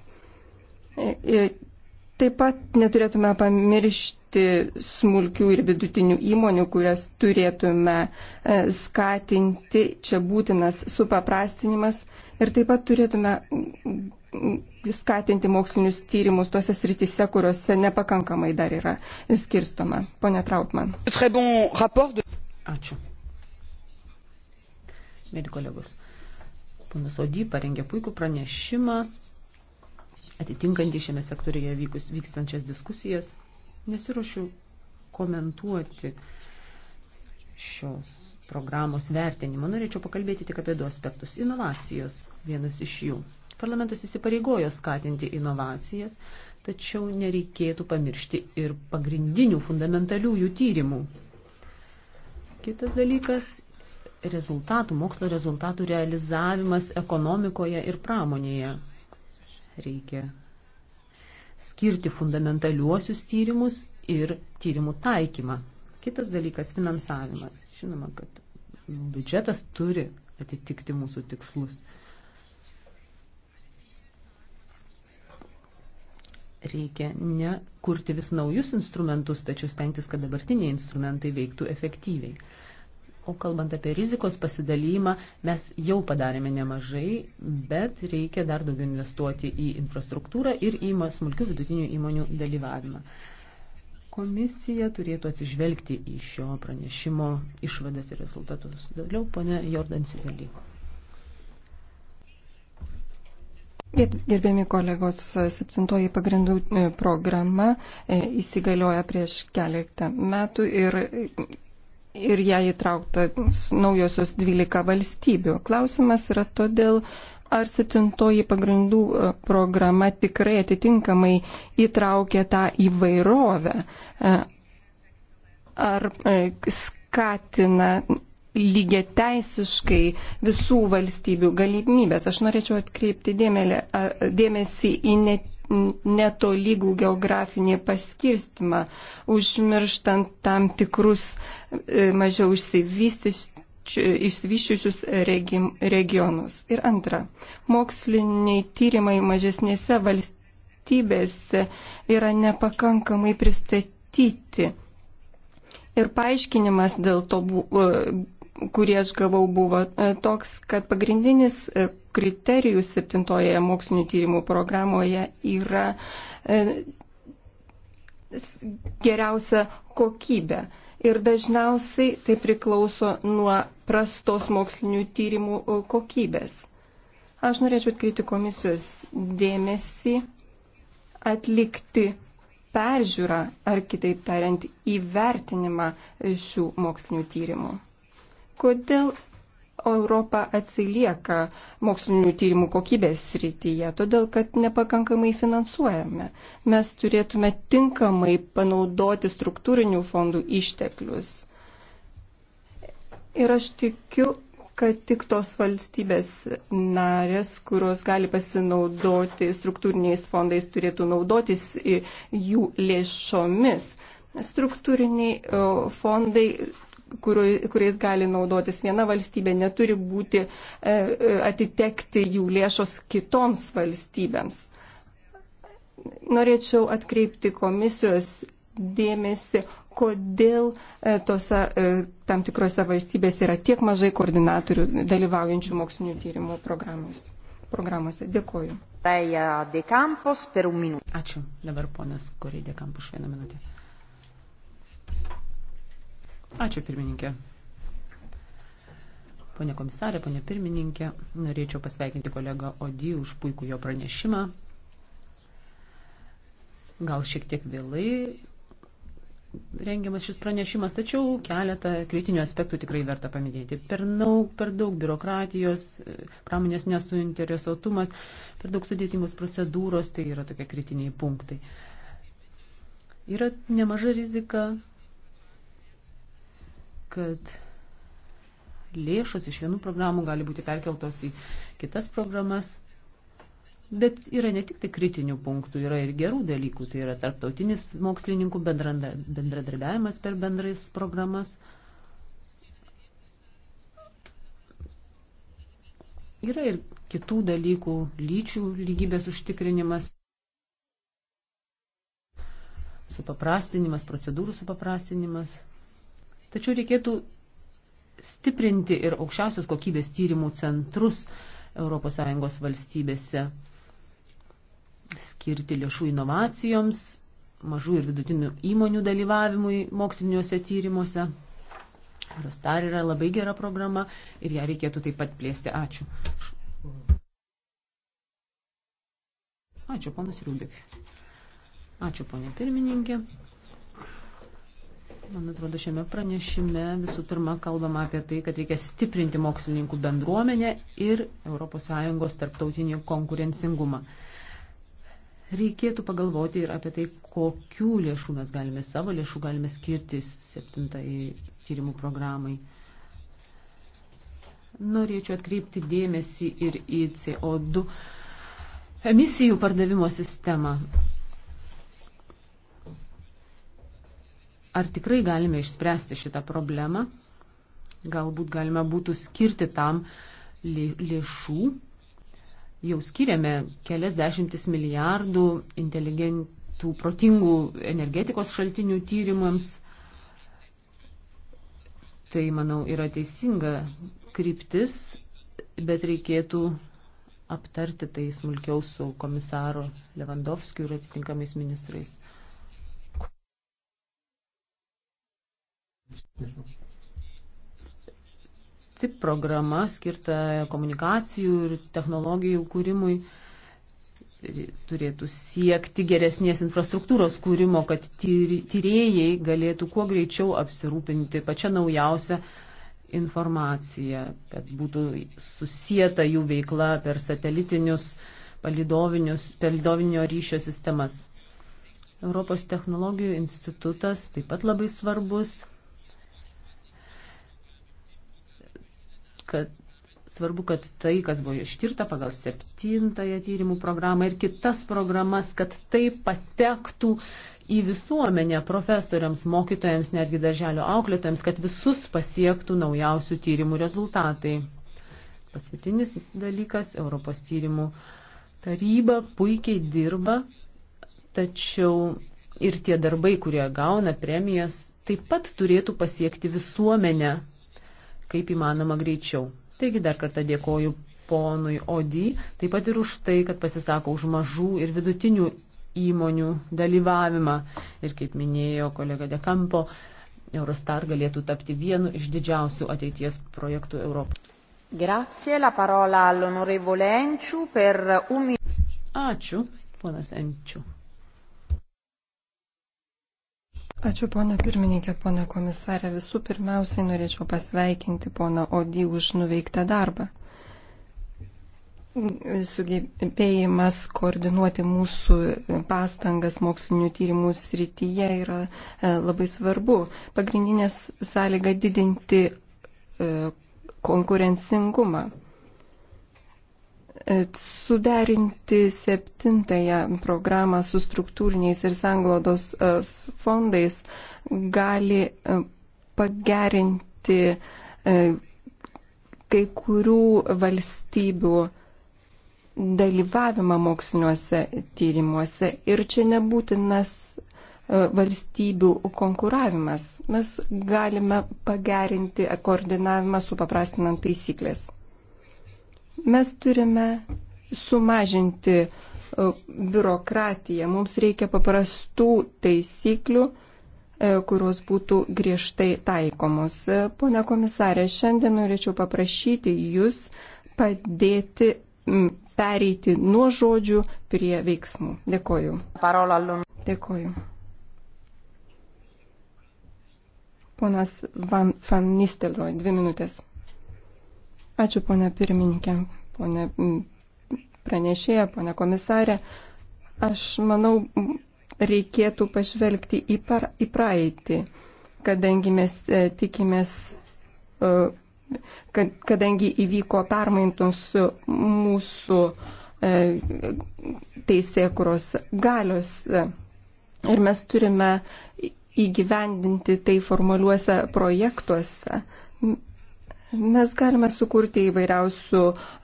Taip pat neturėtume pamiršti smulkių ir vidutinių įmonių, kurias turėtume e, skatinti. Čia būtinas supaprastinimas ir taip pat turėtume mm, skatinti mokslinius tyrimus tose sritise, kuriuose nepakankamai dar yra skirstoma. Pone Trautman. Ačiū. Mėly kolegos, ponas Odį parengė puikų pranešimą atitinkantį šiame sektorėje vykus, vykstančias diskusijas. Nesiuošiu komentuoti šios programos vertinimo. Norėčiau pakalbėti tik apie du aspektus. Inovacijos vienas iš jų. Parlamentas įsipareigojo skatinti inovacijas, tačiau nereikėtų pamiršti ir pagrindinių fundamentaliųjų tyrimų. Kitas dalykas - rezultatų, mokslo rezultatų realizavimas ekonomikoje ir pramonėje. Reikia skirti fundamentaliuosius tyrimus ir tyrimų taikymą. Kitas dalykas - finansavimas. Žinoma, kad biudžetas turi atitikti mūsų tikslus. Reikia ne kurti vis naujus instrumentus, tačiau stengtis, kad dabartiniai instrumentai veiktų efektyviai. O kalbant apie rizikos pasidalymą, mes jau padarėme nemažai, bet reikia dar daugiau investuoti į infrastruktūrą ir į smulkių vidutinių įmonių dalyvavimą. Komisija turėtų atsižvelgti į šio pranešimo išvadas ir rezultatus. Daliau, ponė Jordan Cizelį. Gerbiami kolegos, septintoji pagrindų e, programa e, įsigalioja prieš keletą metų ir ir ją įtrauktas naujosios 12 valstybių. Klausimas yra todėl, ar septintoji pagrindų e, programa tikrai atitinkamai įtraukė tą įvairovę, e, ar e, skatina lygiai teisiškai visų valstybių galimybės. Aš norėčiau atkreipti dėmelį, dėmesį į net netolygų geografinį paskirstimą, užmirštant tam tikrus e, mažiau išsivyščiusius regionus. Ir antra, moksliniai tyrimai mažesnėse valstybėse yra nepakankamai pristatyti. Ir paaiškinimas dėl to, e, kurį aš gavau, buvo e, toks, kad pagrindinis kriterijų septintoje mokslinių tyrimų programoje yra e, geriausia kokybė. Ir dažniausiai tai priklauso nuo prastos mokslinių tyrimų e, kokybės. Aš norėčiau atkreipti komisijos dėmesį atlikti peržiūrą ar kitaip tariant įvertinimą šių mokslinių tyrimų. Kodėl Europa atsilieka mokslinių tyrimų kokybės srityje, todėl kad nepakankamai finansuojame. Mes turėtume tinkamai panaudoti struktūrinių fondų išteklius. Ir aš tikiu, kad tik tos valstybės narės, kurios gali pasinaudoti struktūriniais fondais, turėtų naudotis jų lėšomis. Struktūriniai fondai kuriais gali naudotis viena valstybė, neturi būti e, e, atitekti jų lėšos kitoms valstybėms. Norėčiau atkreipti komisijos dėmesį, kodėl e, tose tam tikrose valstybėse yra tiek mažai koordinatorių dalyvaujančių mokslinių tyrimų programuose. Dėkoju. Ačiū. Dabar ponas Korė Dekampus vieną minutę. Ačiū pirmininkė. Pone komisarė, pone pirmininkė, norėčiau pasveikinti kolegą Odį už puikų jo pranešimą. Gal šiek tiek vėlai rengiamas šis pranešimas, tačiau keletą kritinių aspektų tikrai verta paminėti. Per daug, per daug biurokratijos, pramonės nesuinteresuotumas, per daug sudėtingos procedūros, tai yra tokie kritiniai punktai. Yra nemaža rizika kad lėšos iš vienų programų gali būti perkeltos į kitas programas. Bet yra ne tik tai kritinių punktų, yra ir gerų dalykų. Tai yra tarptautinis mokslininkų bendradarbiavimas per bendrais programas. Yra ir kitų dalykų, lyčių lygybės užtikrinimas, supaprastinimas, procedūrų supaprastinimas. Tačiau reikėtų stiprinti ir aukščiausios kokybės tyrimų centrus ES valstybėse, skirti lėšų inovacijoms, mažų ir vidutinių įmonių dalyvavimui moksliniuose tyrimuose. Rastar yra labai gera programa ir ją reikėtų taip pat plėsti. Ačiū. Ačiū, ponas Riubik. Ačiū, ponė pirmininkė. Man atrodo, šiame pranešime visų pirma kalbama apie tai, kad reikia stiprinti mokslininkų bendruomenę ir ES tarptautinį konkurencingumą. Reikėtų pagalvoti ir apie tai, kokių lėšų mes galime savo lėšų galime skirti septintai tyrimų programai. Norėčiau atkreipti dėmesį ir į CO2 emisijų pardavimo sistemą. Ar tikrai galime išspręsti šitą problemą? Galbūt galime būtų skirti tam lėšų. Jau skiriame kelias dešimtis milijardų inteligentų, protingų energetikos šaltinių tyrimams. Tai, manau, yra teisinga kryptis, bet reikėtų aptarti tai smulkiau su komisaru Levandovskiu ir atitinkamais ministrais. CIP programa skirta komunikacijų ir technologijų kūrimui turėtų siekti geresnės infrastruktūros kūrimo, kad tyrėjai galėtų kuo greičiau apsirūpinti pačią naujausią informaciją, kad būtų susijęta jų veikla per satelitinius palidovinio ryšio sistemas. Europos technologijų institutas taip pat labai svarbus, kad svarbu, kad tai, kas buvo ištirta pagal septintąją tyrimų programą ir kitas programas, kad tai patektų į visuomenę profesoriams, mokytojams, netgi darželio auklėtojams, kad visus pasiektų naujausių tyrimų rezultatai. Paskutinis dalykas - Europos tyrimų taryba puikiai dirba, tačiau ir tie darbai, kurie gauna premijas, taip pat turėtų pasiekti visuomenę kaip įmanoma greičiau. Taigi dar kartą dėkoju ponui Odį, taip pat ir už tai, kad pasisako už mažų ir vidutinių įmonių dalyvavimą. Ir kaip minėjo kolega Dekampo, Eurostar galėtų tapti vienu iš didžiausių ateities projektų Europoje. Grazie, la parola all'onorevole Enciu per un minuto. Ačiū, ponas Enciu. Ačiū, ponia pirmininkė, ponia komisarė. Visų pirmiausiai norėčiau pasveikinti poną Odį už nuveiktą darbą. Sugebėjimas koordinuoti mūsų pastangas mokslinių tyrimų srityje yra e, labai svarbu. Pagrindinės sąlyga didinti e, konkurencingumą. E, suderinti septintąją programą su struktūriniais ir sanglodos e, fondais gali e, pagerinti kai kurių valstybių dalyvavimą moksliniuose tyrimuose. Ir čia nebūtinas valstybių konkuravimas. Mes galime pagerinti koordinavimą, supaprastinant taisyklės. Mes turime sumažinti e, biurokratiją. Mums reikia paprastų taisyklių, e, kurios būtų griežtai taikomos. E, pone komisarė, šiandien norėčiau paprašyti Jūs padėti pereiti nuo žodžių prie veiksmų. Dėkoju. Dėkoju. Ponas Van, Van Nistelrooy, dvi minutės. Ačiū, ponia pirmininkė, ponia pranešėja, ponia komisarė. Aš manau, reikėtų pažvelgti į, par, į praeitį, kadangi mes e, tikimės, e, kad, kadangi įvyko permaintus mūsų e, teisėkuros galios. Ir mes turime įgyvendinti tai formaliuose projektuose. Mes galime sukurti įvairiausių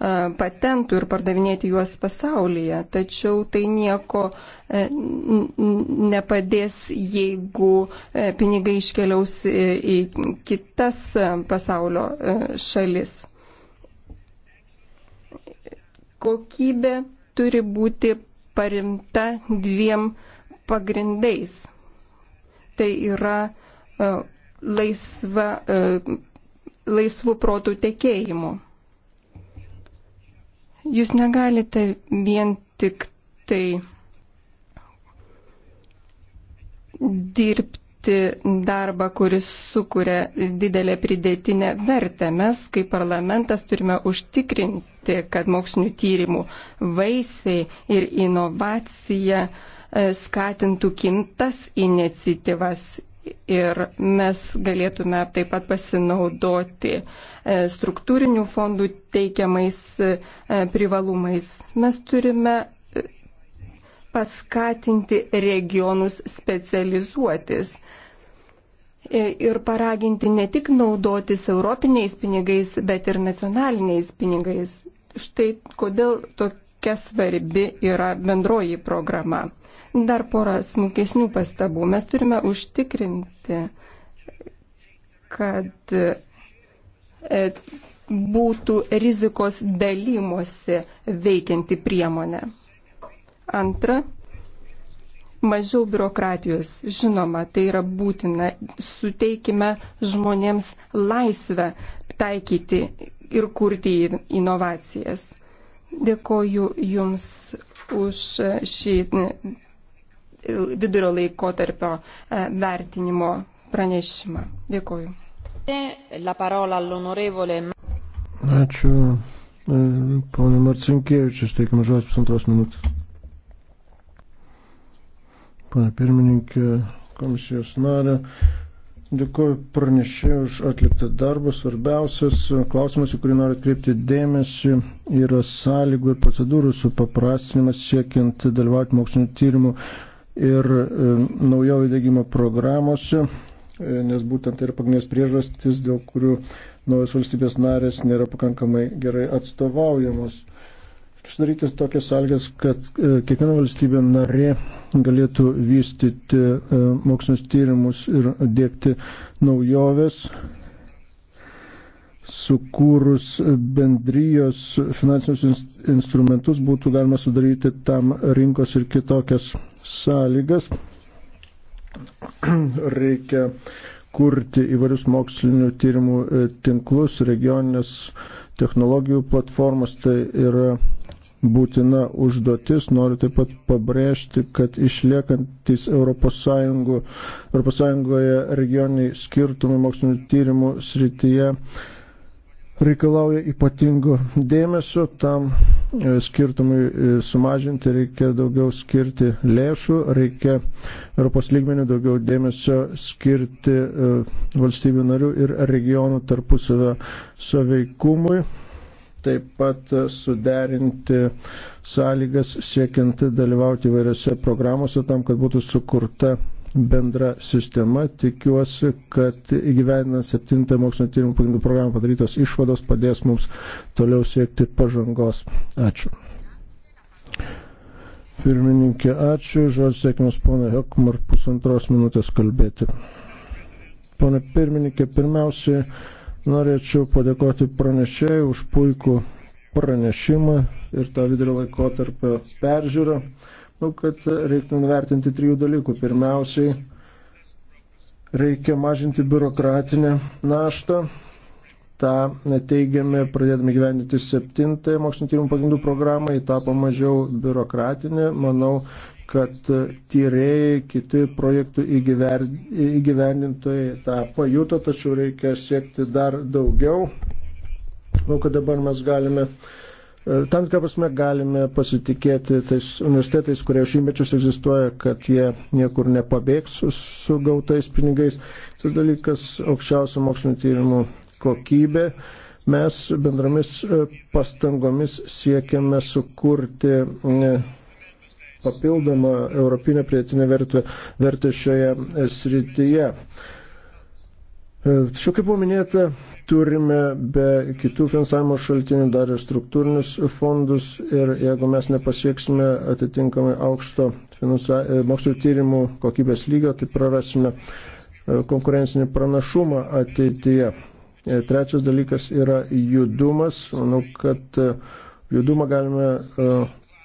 e, patentų ir pardavinėti juos pasaulyje, tačiau tai nieko e, nepadės, jeigu e, pinigai iškeliaus į kitas pasaulio šalis. Kokybė turi būti parimta dviem pagrindais. Tai yra laisva laisvų protų tekėjimu. Jūs negalite vien tik tai dirbti atlikti darbą, kuris sukuria didelę pridėtinę vertę. Mes kaip parlamentas turime užtikrinti, kad mokslinių tyrimų vaisiai ir inovacija e, skatintų kintas iniciatyvas ir mes galėtume taip pat pasinaudoti e, struktūrinių fondų teikiamais e, privalumais. Mes turime e, paskatinti regionus specializuotis ir paraginti ne tik naudotis europiniais pinigais, bet ir nacionaliniais pinigais. Štai kodėl tokia svarbi yra bendroji programa. Dar porą smulkesnių pastabų. Mes turime užtikrinti, kad e, būtų rizikos dalymosi veikianti priemonė. Antra, mažiau biurokratijos. Žinoma, tai yra būtina. Suteikime žmonėms laisvę taikyti ir kurti inovacijas. Dėkoju Jums už šį vidurio laiko tarpio e, vertinimo pranešimą. Dėkuoju. Ačiū. E, Pone Marcinkievičius, teikime žodžius pusantros minutės. Pane pirmininkė, komisijos narė, dėkuoju pranešėjai už atliktą darbą. Svarbiausias klausimas, į kurį noriu atkreipti dėmesį, yra sąlygų ir procedūrų supaprastinimas siekiant dalyvauti mokslinio tyrimų ir e, naujovių dėgymo programuose, e, nes būtent tai yra pagrindinės priežastis, dėl kurių naujos valstybės narės nėra pakankamai gerai atstovaujamos. Sudaryti tokias sąlygas, kad e, kiekviena valstybė narė galėtų vystyti mokslinius tyrimus ir dėkti naujoves sukūrus bendrijos finansinius instrumentus būtų galima sudaryti tam rinkos ir kitokias sąlygas. Reikia kurti įvairius mokslinių tyrimų e, tinklus, regioninės technologijų platformas, tai yra būtina užduotis. Noriu taip pat pabrėžti, kad išliekantis ES, ES regioniniai skirtumai mokslinių tyrimų srityje reikalauja ypatingo dėmesio, tam e, skirtumui e, sumažinti reikia daugiau skirti lėšų, reikia Europos lygmenių daugiau dėmesio skirti e, valstybių narių ir regionų tarpusavio saveikumui, taip pat suderinti sąlygas siekiant dalyvauti įvairiose programuose tam, kad būtų sukurta bendra sistema. Tikiuosi, kad įgyvendinant 7 mokslinio tyrimų pagrindų programą padarytos išvados padės mums toliau siekti pažangos. Ačiū. Pirmininkė, ačiū. Žodžiu, sėkimas pono Hekmar pusantros minutės kalbėti. Pone pirmininkė, pirmiausiai norėčiau padėkoti pranešėjai už puikų pranešimą ir tą vidurio laikotarpio peržiūrą. Manau, kad reiktų nuvertinti trijų dalykų. Pirmiausiai, reikia mažinti biurokratinę naštą. Ta teigiame, pradėdami gyventi septintąją mokslinio tyrimų pagrindų programą, ji tapo mažiau biurokratinė. Manau, kad tyrėjai, kiti projektų įgyvendintojai tą pajuto, tačiau reikia siekti dar daugiau. Manau, kad dabar mes galime uh, E, tam tikrą prasme galime pasitikėti tais universitetais, kurie šimtmečius egzistuoja, kad jie niekur nepabėgs su, su gautais pinigais. Tas dalykas aukščiausio mokslinio tyrimų kokybė. Mes bendromis e, pastangomis siekiame sukurti papildomą europinę prietinę vertę, vertę šioje e, srityje. Šiuo kaip buvo minėta, turime be kitų finansavimo šaltinių dar ir struktūrinius fondus ir jeigu mes nepasieksime atitinkamai aukšto finansa... E, mokslo tyrimų kokybės lygio, tai prarasime e, konkurencinį pranašumą ateityje. E, trečias dalykas yra judumas. Manau, kad judumą galime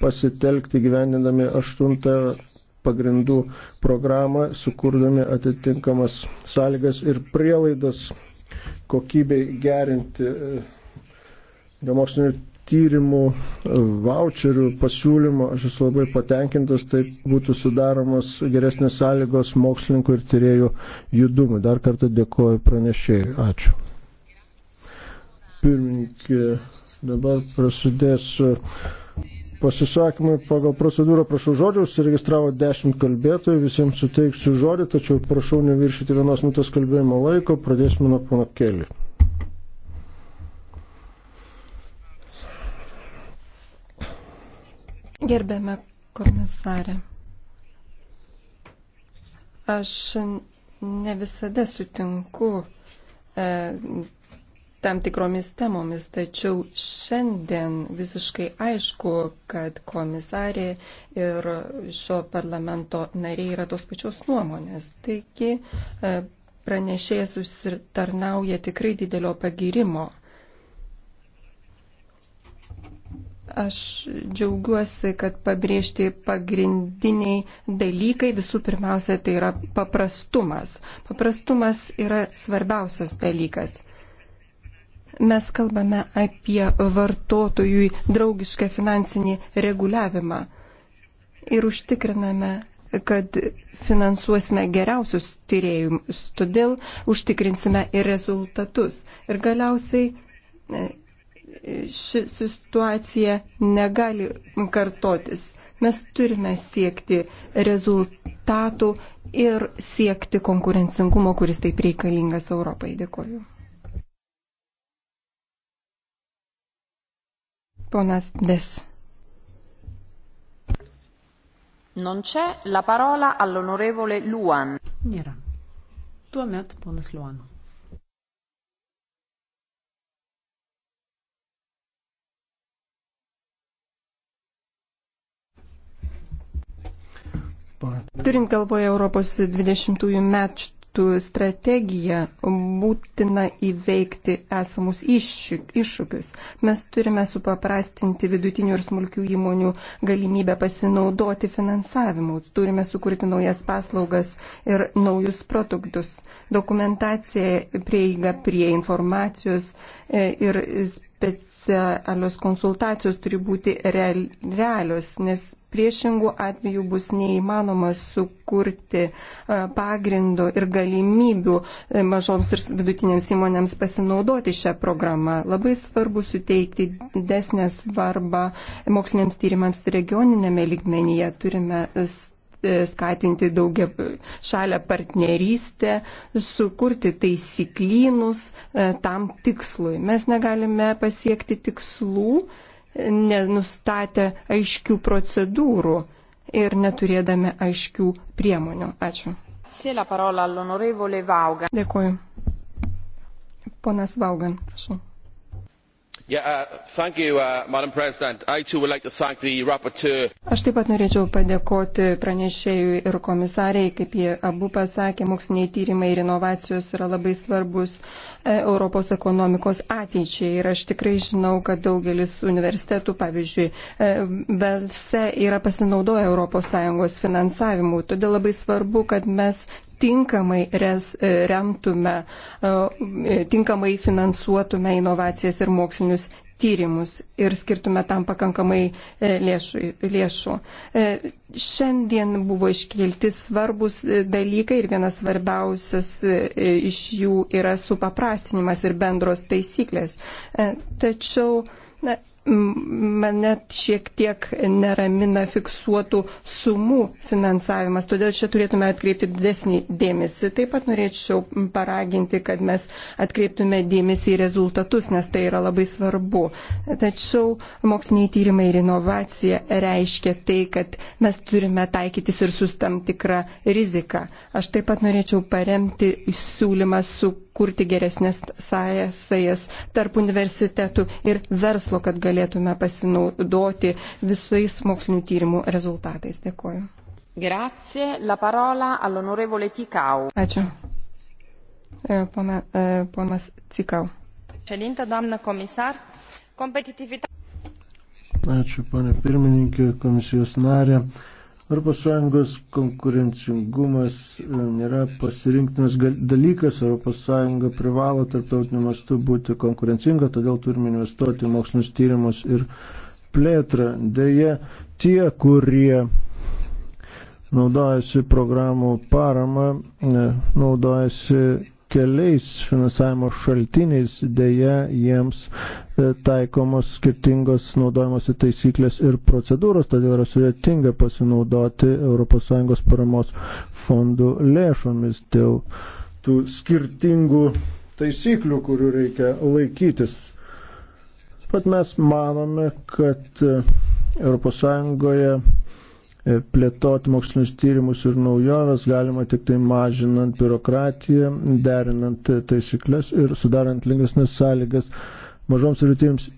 pasitelkti gyvendindami aštuntą pagrindų programą, sukurdami atitinkamas sąlygas ir prielaidas kokybei gerinti dėl e, mokslinio tyrimų e, voucherių pasiūlymo. Aš esu labai patenkintas, taip būtų sudaromos geresnės sąlygos mokslininkų ir tyriejų judumui. Dar kartą dėkoju pranešėjai. Ačiū. Pirmininkė, dabar prasidės. Uh, pasisakymai pagal procedūrą, prašau žodžio, užsiregistravo 10 kalbėtojų, visiems suteiksiu žodį, tačiau prašau neviršyti vienos minutės kalbėjimo laiko, pradėsime nuo pono Kelį. Gerbėme komisarė, aš ne visada sutinku e, tam tikromis temomis, tačiau šiandien visiškai aišku, kad komisarė ir šio parlamento nariai yra tos pačios nuomonės. Taigi e, pranešėjas užsitarnauja tikrai didelio pagirimo. Aš džiaugiuosi, kad pabrėžti pagrindiniai dalykai visų pirmiausia tai yra paprastumas. Paprastumas yra svarbiausias dalykas. Mes kalbame apie vartotojui draugišką finansinį reguliavimą ir užtikriname kad finansuosime geriausius tyrėjus, todėl užtikrinsime ir rezultatus. Ir galiausiai e, ši situacija negali kartotis. Mes turime siekti rezultatų ir siekti konkurencingumo, kuris taip reikalingas Europai. Dėkoju. Ponas Des. Non c'è la parola all'onorevole Luan. Nėra. Tuomet ponas Luan. Turint galvoje Europos 20-ųjų metų strategiją būtina įveikti esamus iššūkius. Mes turime supaprastinti vidutinių ir smulkių įmonių galimybę pasinaudoti finansavimu, turime sukurti naujas paslaugas ir naujus produktus. Dokumentacija prieiga prie informacijos e, ir specialios konsultacijos turi būti realios, nes Priešingų atvejų bus neįmanoma sukurti e, pagrindo ir galimybių e, mažoms ir vidutinėms įmonėms pasinaudoti šią programą. Labai svarbu suteikti didesnę svarbą moksliniams tyrimams regioninėme lygmenyje. Turime e, skatinti daugia šalia partnerystę, sukurti taisyklynus tam tikslui. Mes negalime pasiekti tikslų, nenustatę aiškių procedūrų ir neturėdami aiškių priemonių. Ačiū. Dėkuoju. Ponas Vaugan, prašau. Uh, uh, aš taip pat norėčiau padėkoti pranešėjui ir komisariai, kaip jie abu pasakė, moksliniai tyrimai ir inovacijos yra labai svarbus e, Europos ekonomikos ateičiai. Ir aš tikrai žinau, kad daugelis universitetų, pavyzdžiui, e, Velse yra pasinaudoję ES finansavimu. Todėl labai svarbu, kad mes tinkamai res, e, remtume, e, e, tinkamai finansuotume inovacijas ir mokslinius tyrimus ir skirtume tam pakankamai lėšų. lėšų. Šiandien buvo iškelti svarbus dalykai ir vienas svarbiausias iš jų yra supaprastinimas ir bendros taisyklės. Tačiau na, mane šiek tiek neramina fiksuotų sumų finansavimas, todėl čia turėtume atkreipti didesnį dėmesį. Taip pat norėčiau paraginti, kad mes atkreiptume dėmesį į rezultatus, nes tai yra labai svarbu. Tačiau moksliniai tyrimai ir inovacija reiškia tai, kad mes turime taikytis ir su tam tikra rizika. Aš taip pat norėčiau paremti siūlymą su kurti geresnės sąsajas tarp universitetų ir verslo, kad galėtume pasinaudoti visais mokslinių tyrimų rezultatais. Dėkuoju. Grazie. La parola all'onorevole Ticau. Ačiū. E, Pana, e, ponas Cikau. Šelinta, doamna komisar, kompetitivitas. Ačiū, ponė pirmininkė, komisijos narė. ES konkurencingumas e, nėra pasirinktinas dalykas, ES privalo tarptautiniu mastu būti konkurencinga, todėl turime investuoti mokslinius tyrimus ir plėtrą. Deja, tie, kurie naudojasi programų parama, e, naudojasi keliais finansavimo šaltiniais, dėja jiems e, taikomos skirtingos naudojimosi taisyklės ir procedūros, todėl yra sudėtinga pasinaudoti ES paramos fondų lėšomis dėl tų skirtingų taisyklių, kurių reikia laikytis. Pat mes manome, kad e, ES E, plėtoti mokslinius tyrimus ir naujoves galima tik tai mažinant biurokratiją, derinant taisyklės ir sudarant lengvesnės sąlygas mažoms ir rytėms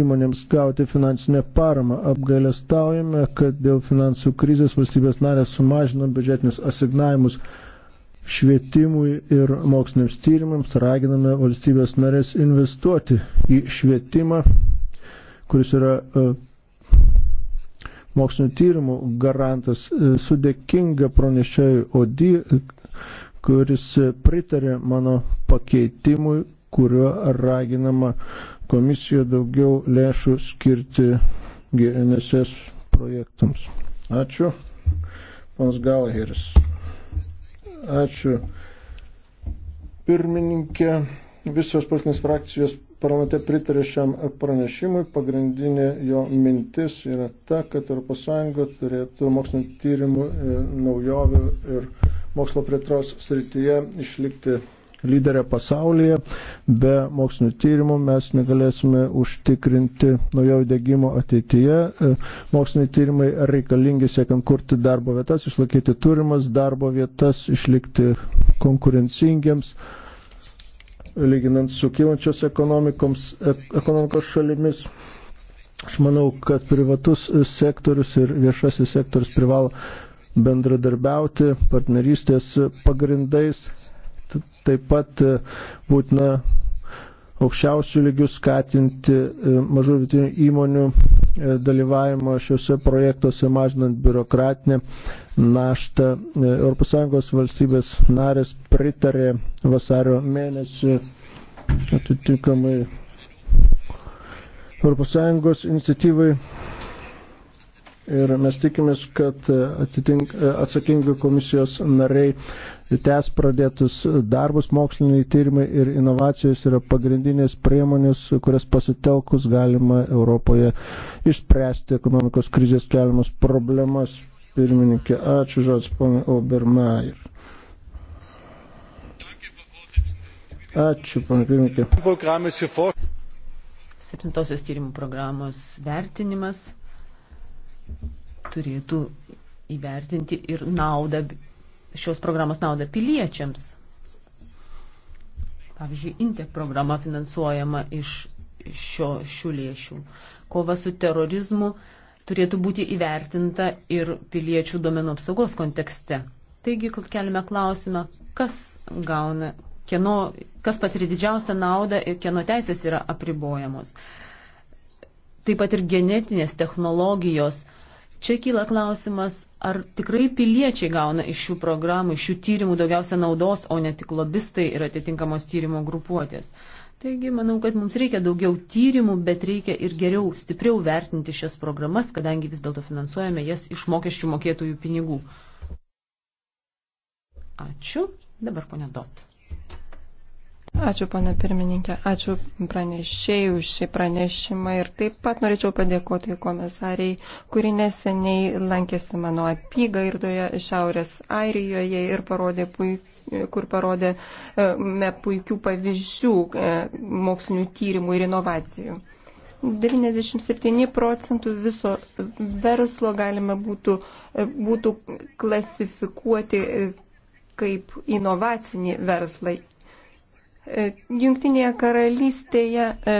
įmonėms gauti finansinę paramą. Apgailestaujame, kad dėl finansų krizės valstybės narės sumažino biudžetinius asignavimus švietimui ir moksliniams tyrimams. Raginame valstybės narės investuoti į švietimą, kuris yra uh, mokslinio tyrimų garantas. E, sudėkinga pranešėjai Odi, kuris pritarė mano pakeitimui, kuriuo raginama komisija daugiau lėšų skirti GNSS projektams. Ačiū. Pans Galheris. Ačiū. Pirmininkė, visos politinės frakcijos parlamente pritarė šiam pranešimui. Pagrindinė jo mintis yra ta, kad ES turėtų mokslinio tyrimų e, naujovių ir mokslo plėtros srityje išlikti lyderę pasaulyje. Be mokslinio tyrimų mes negalėsime užtikrinti naujovių dėgymo ateityje. E, moksliniai tyrimai reikalingi siekiant kurti darbo vietas, išlaikyti turimas darbo vietas, išlikti konkurencingiems lyginant su kylančios e, ekonomikos šalimis. Aš manau, kad privatus sektorius ir viešasis sektorius privalo bendradarbiauti partnerystės pagrindais. Taip pat e, būtina aukščiausių lygių skatinti e, mažų vidutinių įmonių e, dalyvavimo šiuose projektuose, mažinant biurokratinę naštą. ES valstybės narės pritarė vasario mėnesį atitinkamai ES iniciatyvai Ir mes tikimės, kad e, atsakingi komisijos nariai tęs pradėtus darbus, moksliniai tyrimai ir inovacijos yra pagrindinės priemonės, kurias pasitelkus galima Europoje išspręsti ekonomikos krizės keliamas problemas. Pirmininkė, ačiū žodis, ponė Obermeier. Ačiū, ponė pirmininkė. Septintosios tyrimų programos vertinimas turėtų įvertinti ir naudą šios programos naudą piliečiams. Pavyzdžiui, Intec programa finansuojama iš šio, šių lėšių. Kova su terorizmu turėtų būti įvertinta ir piliečių domenų apsaugos kontekste. Taigi, kol keliame klausimą, kas gauna, kieno, kas patiria didžiausią naudą ir kieno teisės yra apribojamos. Taip pat ir genetinės technologijos Čia kyla klausimas, ar tikrai piliečiai gauna iš šių programų, iš šių tyrimų daugiausia naudos, o ne tik lobistai ir atitinkamos tyrimo grupuotės. Taigi, manau, kad mums reikia daugiau tyrimų, bet reikia ir geriau, stipriau vertinti šias programas, kadangi vis dėlto finansuojame jas iš mokesčių mokėtojų pinigų. Ačiū. Dabar ponia Dot. Ačiū, pana pirmininkė, ačiū pranešėjai už šį pranešimą ir taip pat norėčiau padėkoti komisariai, kuri neseniai lankėsi mano apygardoje Šiaurės Airijoje ir parodė puikių kur parodė e, me puikių pavyzdžių e, mokslinių tyrimų ir inovacijų. 97 procentų viso verslo galima būtų, e, būtų klasifikuoti kaip inovacinį verslą, E, Junktinėje karalystėje e,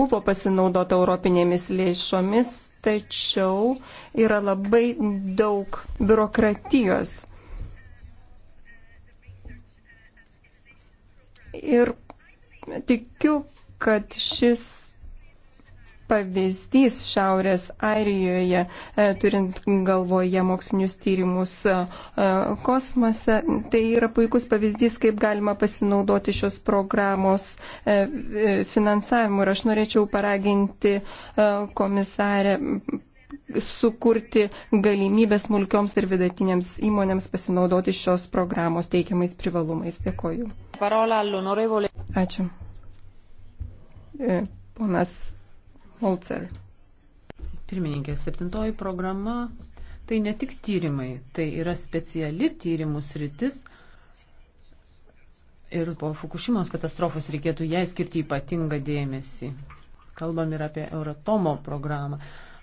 buvo pasinaudota europinėmis lėšomis, tačiau yra labai daug biurokratijos. Ir tikiu, kad šis pavyzdys Šiaurės Airijoje, e, turint galvoje mokslinius tyrimus e, e, kosmose. Tai yra puikus pavyzdys, kaip galima pasinaudoti šios programos finansavimu. Ir aš norėčiau paraginti komisarę sukurti galimybę smulkioms ir vidutinėms įmonėms pasinaudoti šios programos teikiamais privalumais. Dėkoju. Ačiū. Ponas Holzer. Pirmininkė, septintoji programa tai ne tik tyrimai, tai yra speciali tyrimų sritis. Ir po Fukushimos katastrofos reikėtų jai skirti ypatingą dėmesį. Kalbam ir apie Euratomo programą.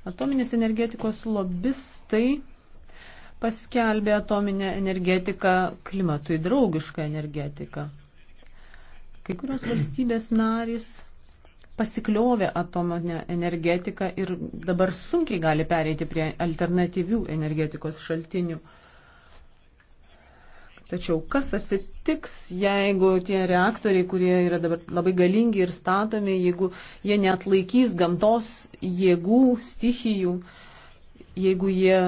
Atominės energetikos lobistai paskelbė atominę energetiką klimatui draugišką energetiką. Kai kurios valstybės narys pasikliovė atominę energetiką ir dabar sunkiai gali pereiti prie alternatyvių energetikos šaltinių. Tačiau kas atsitiks, jeigu tie reaktoriai, kurie yra dabar labai galingi ir statomi, jeigu jie netlaikys gamtos jėgų, stichijų, jeigu jie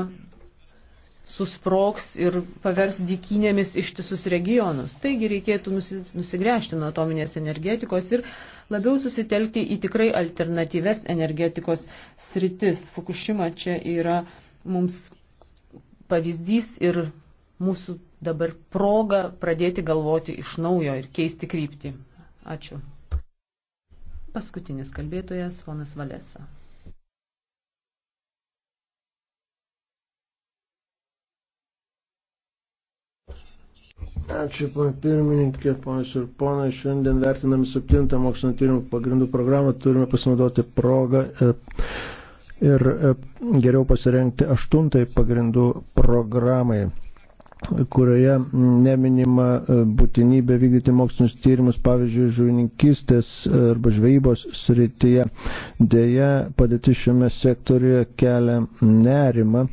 susproks ir pavers dikinėmis ištisus regionus. Taigi reikėtų nusigręžti nuo atominės energetikos ir labiau susitelkti į tikrai alternatyves energetikos sritis. Fukushima čia yra mums pavyzdys ir mūsų dabar proga pradėti galvoti iš naujo ir keisti kryptį. Ačiū. Paskutinis kalbėtojas, ponas Valesa. Ačiū, pana pirmininkė, panas ir ponai. Šiandien vertinam septintą mokslinio tyrimų pagrindų programą. Turime pasinaudoti progą e, ir e, geriau pasirengti aštuntai pagrindų programai kurioje neminima e, būtinybė vykdyti mokslinius tyrimus, pavyzdžiui, žuvininkistės arba žvejybos srityje. Deja, padėtis šiame sektoriuje kelia nerimą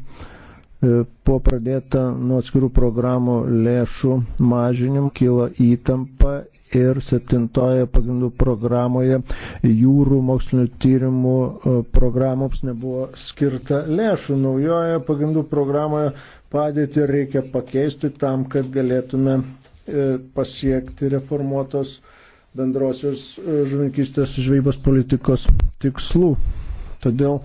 po e, pradėta nuo atskirų programų lėšų mažinim kilo įtampa ir septintoje pagrindų programoje jūrų mokslinio tyrimų e, programoms nebuvo skirta lėšų. Naujoje pagrindų programoje padėtį reikia pakeisti tam, kad galėtume e, pasiekti reformuotos bendrosios žuvininkystės žvejybos politikos tikslų. Todėl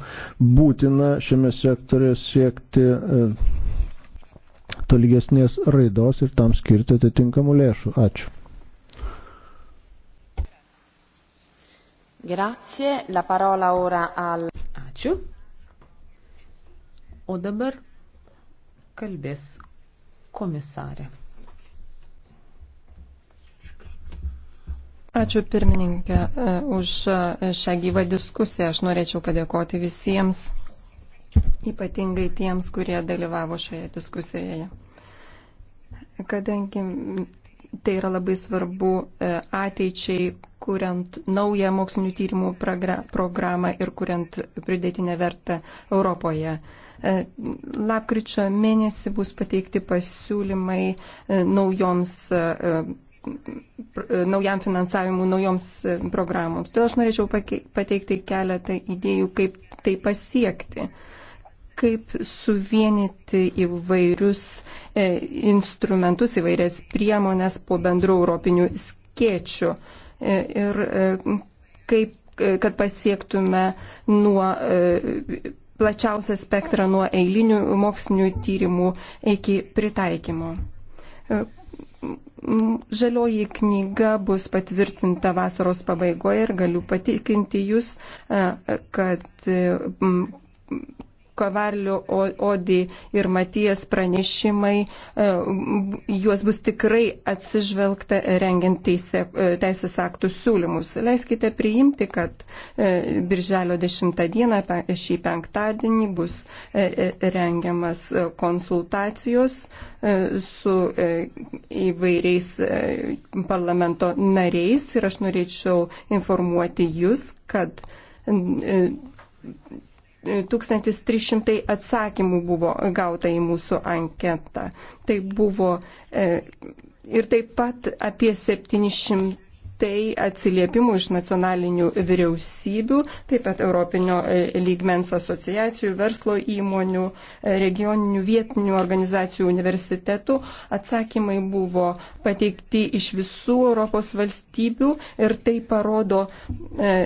būtina šiame sektorė siekti e, tolygesnės raidos ir tam skirti atitinkamų lėšų. Ačiū. Grazie. La parola ora al... Ačiū. O dabar kalbės komisarė. Ačiū pirmininkė e, už e, šią gyvą diskusiją. Aš norėčiau padėkoti visiems, ypatingai tiems, kurie dalyvavo šioje diskusijoje. Kadangi tai yra labai svarbu e, ateičiai, kuriant naują mokslinių tyrimų programą ir kuriant pridėtinę vertę Europoje. Lapkričio mėnesį bus pateikti pasiūlymai naujoms naujam finansavimui, naujoms e, programoms. Todėl aš norėčiau pateikti keletą idėjų, kaip tai pasiekti, kaip suvienyti įvairius e, instrumentus, įvairias priemonės po bendrų europinių skėčių e, ir kaip, kad pasiektume nuo plačiausią spektrą nuo eilinių mokslinių tyrimų iki pritaikymo. Žalioji knyga bus patvirtinta vasaros pabaigoje ir galiu patikinti jūs, e, kad e, Kavarlių, Odį ir Matijas pranešimai, e, juos bus tikrai atsižvelgta rengiant teisė, e, teisės aktų siūlymus. Leiskite priimti, kad e, Birželio 10 dieną, šį penktadienį, bus rengiamas konsultacijos su įvairiais parlamento nariais ir aš norėčiau informuoti jūs, kad 1300 atsakymų buvo gauta į mūsų anketą. Tai buvo e, ir taip pat apie 700 tai atsiliepimų iš nacionalinių vyriausybių, taip pat Europinio e, lygmens asociacijų, verslo įmonių, e, regioninių vietinių organizacijų, universitetų. Atsakymai buvo pateikti iš visų Europos valstybių ir tai parodo e,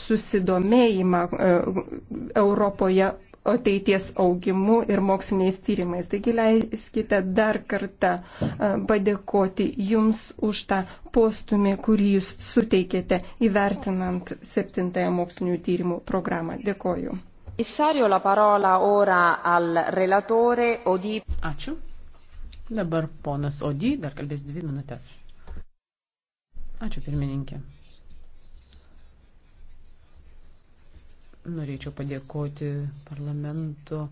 susidomėjimą Europoje ateities augimu ir moksliniais tyrimais. Taigi leiskite dar kartą padėkoti Jums už tą postumį, kurį Jūs suteikėte įvertinant septintąją mokslinių tyrimų programą. Dėkoju. Komisario, la parola ora al relatore Odi. Ačiū. Dabar ponas Odi dar kalbės dvi minutės. Ačiū pirmininkė. Norėčiau padėkoti parlamento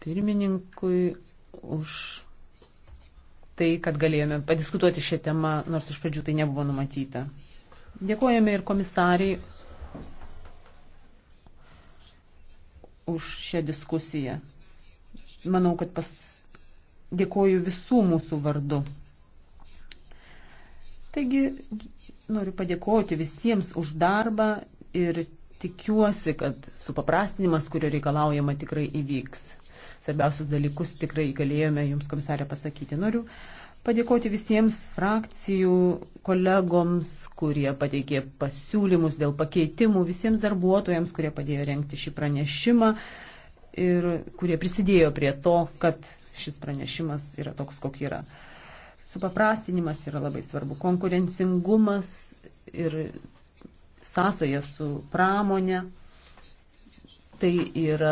pirmininkui už tai, kad galėjome padiskutuoti šią temą, nors iš pradžių tai nebuvo numatyta. Dėkojame ir komisariai už šią diskusiją. Manau, kad pas... dėkoju visų mūsų vardu. Taigi noriu padėkoti visiems už darbą ir tikiuosi, kad supaprastinimas, kurio reikalaujama, tikrai įvyks. Svarbiausius dalykus tikrai galėjome Jums, komisarė, pasakyti. Noriu padėkoti visiems frakcijų kolegoms, kurie pateikė pasiūlymus dėl pakeitimų, visiems darbuotojams, kurie padėjo renkti šį pranešimą ir kurie prisidėjo prie to, kad šis pranešimas yra toks, koks yra. Supaprastinimas yra labai svarbu, konkurencingumas ir sąsaja su pramonė. Tai yra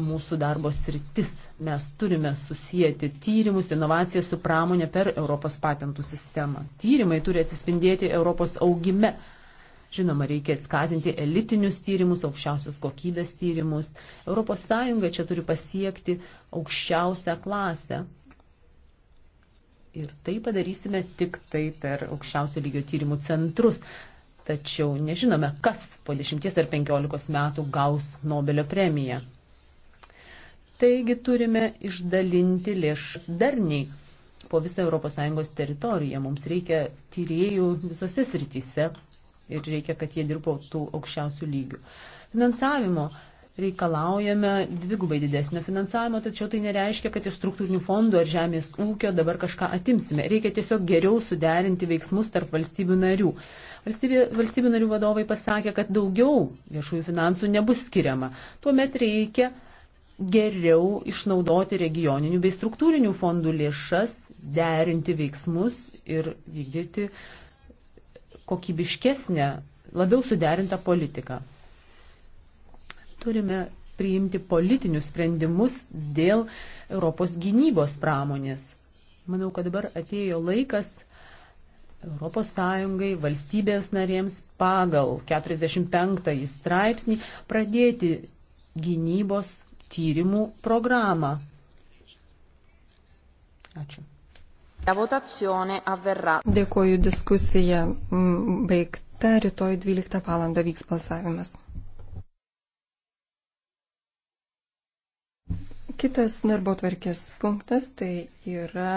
mūsų darbo sritis. Mes turime susijęti tyrimus, inovacijas su pramonė per Europos patentų sistemą. Tyrimai turi atsispindėti Europos augime. Žinoma, reikia skatinti elitinius tyrimus, aukščiausios kokybės tyrimus. ES čia turi pasiekti aukščiausią klasę. Ir tai padarysime tik tai per aukščiausio lygio tyrimų centrus. Tačiau nežinome, kas po 10 ar 15 metų gaus Nobelio premiją. Taigi turime išdalinti lėšas darniai po visą ES teritoriją. Mums reikia tyriejų visose srityse ir reikia, kad jie dirbtų aukščiausių lygių. Finansavimo reikalaujame dvigubai didesnio finansavimo, tačiau tai nereiškia, kad iš struktūrinių fondų ar žemės ūkio dabar kažką atimsime. Reikia tiesiog geriau suderinti veiksmus tarp valstybių narių. Valstybė, valstybių narių vadovai pasakė, kad daugiau viešųjų finansų nebus skiriama. Tuomet reikia geriau išnaudoti regioninių bei struktūrinių fondų lėšas, derinti veiksmus ir vykdyti kokybiškesnę, labiau suderintą politiką turime priimti politinius sprendimus dėl Europos gynybos pramonės. Manau, kad dabar atėjo laikas ES valstybės narėms pagal 45 straipsnį pradėti gynybos tyrimų programą. Ačiū. Dėkuoju, diskusija baigta, rytoj 12 val. vyks balsavimas. Kitas darbo tvarkės punktas tai yra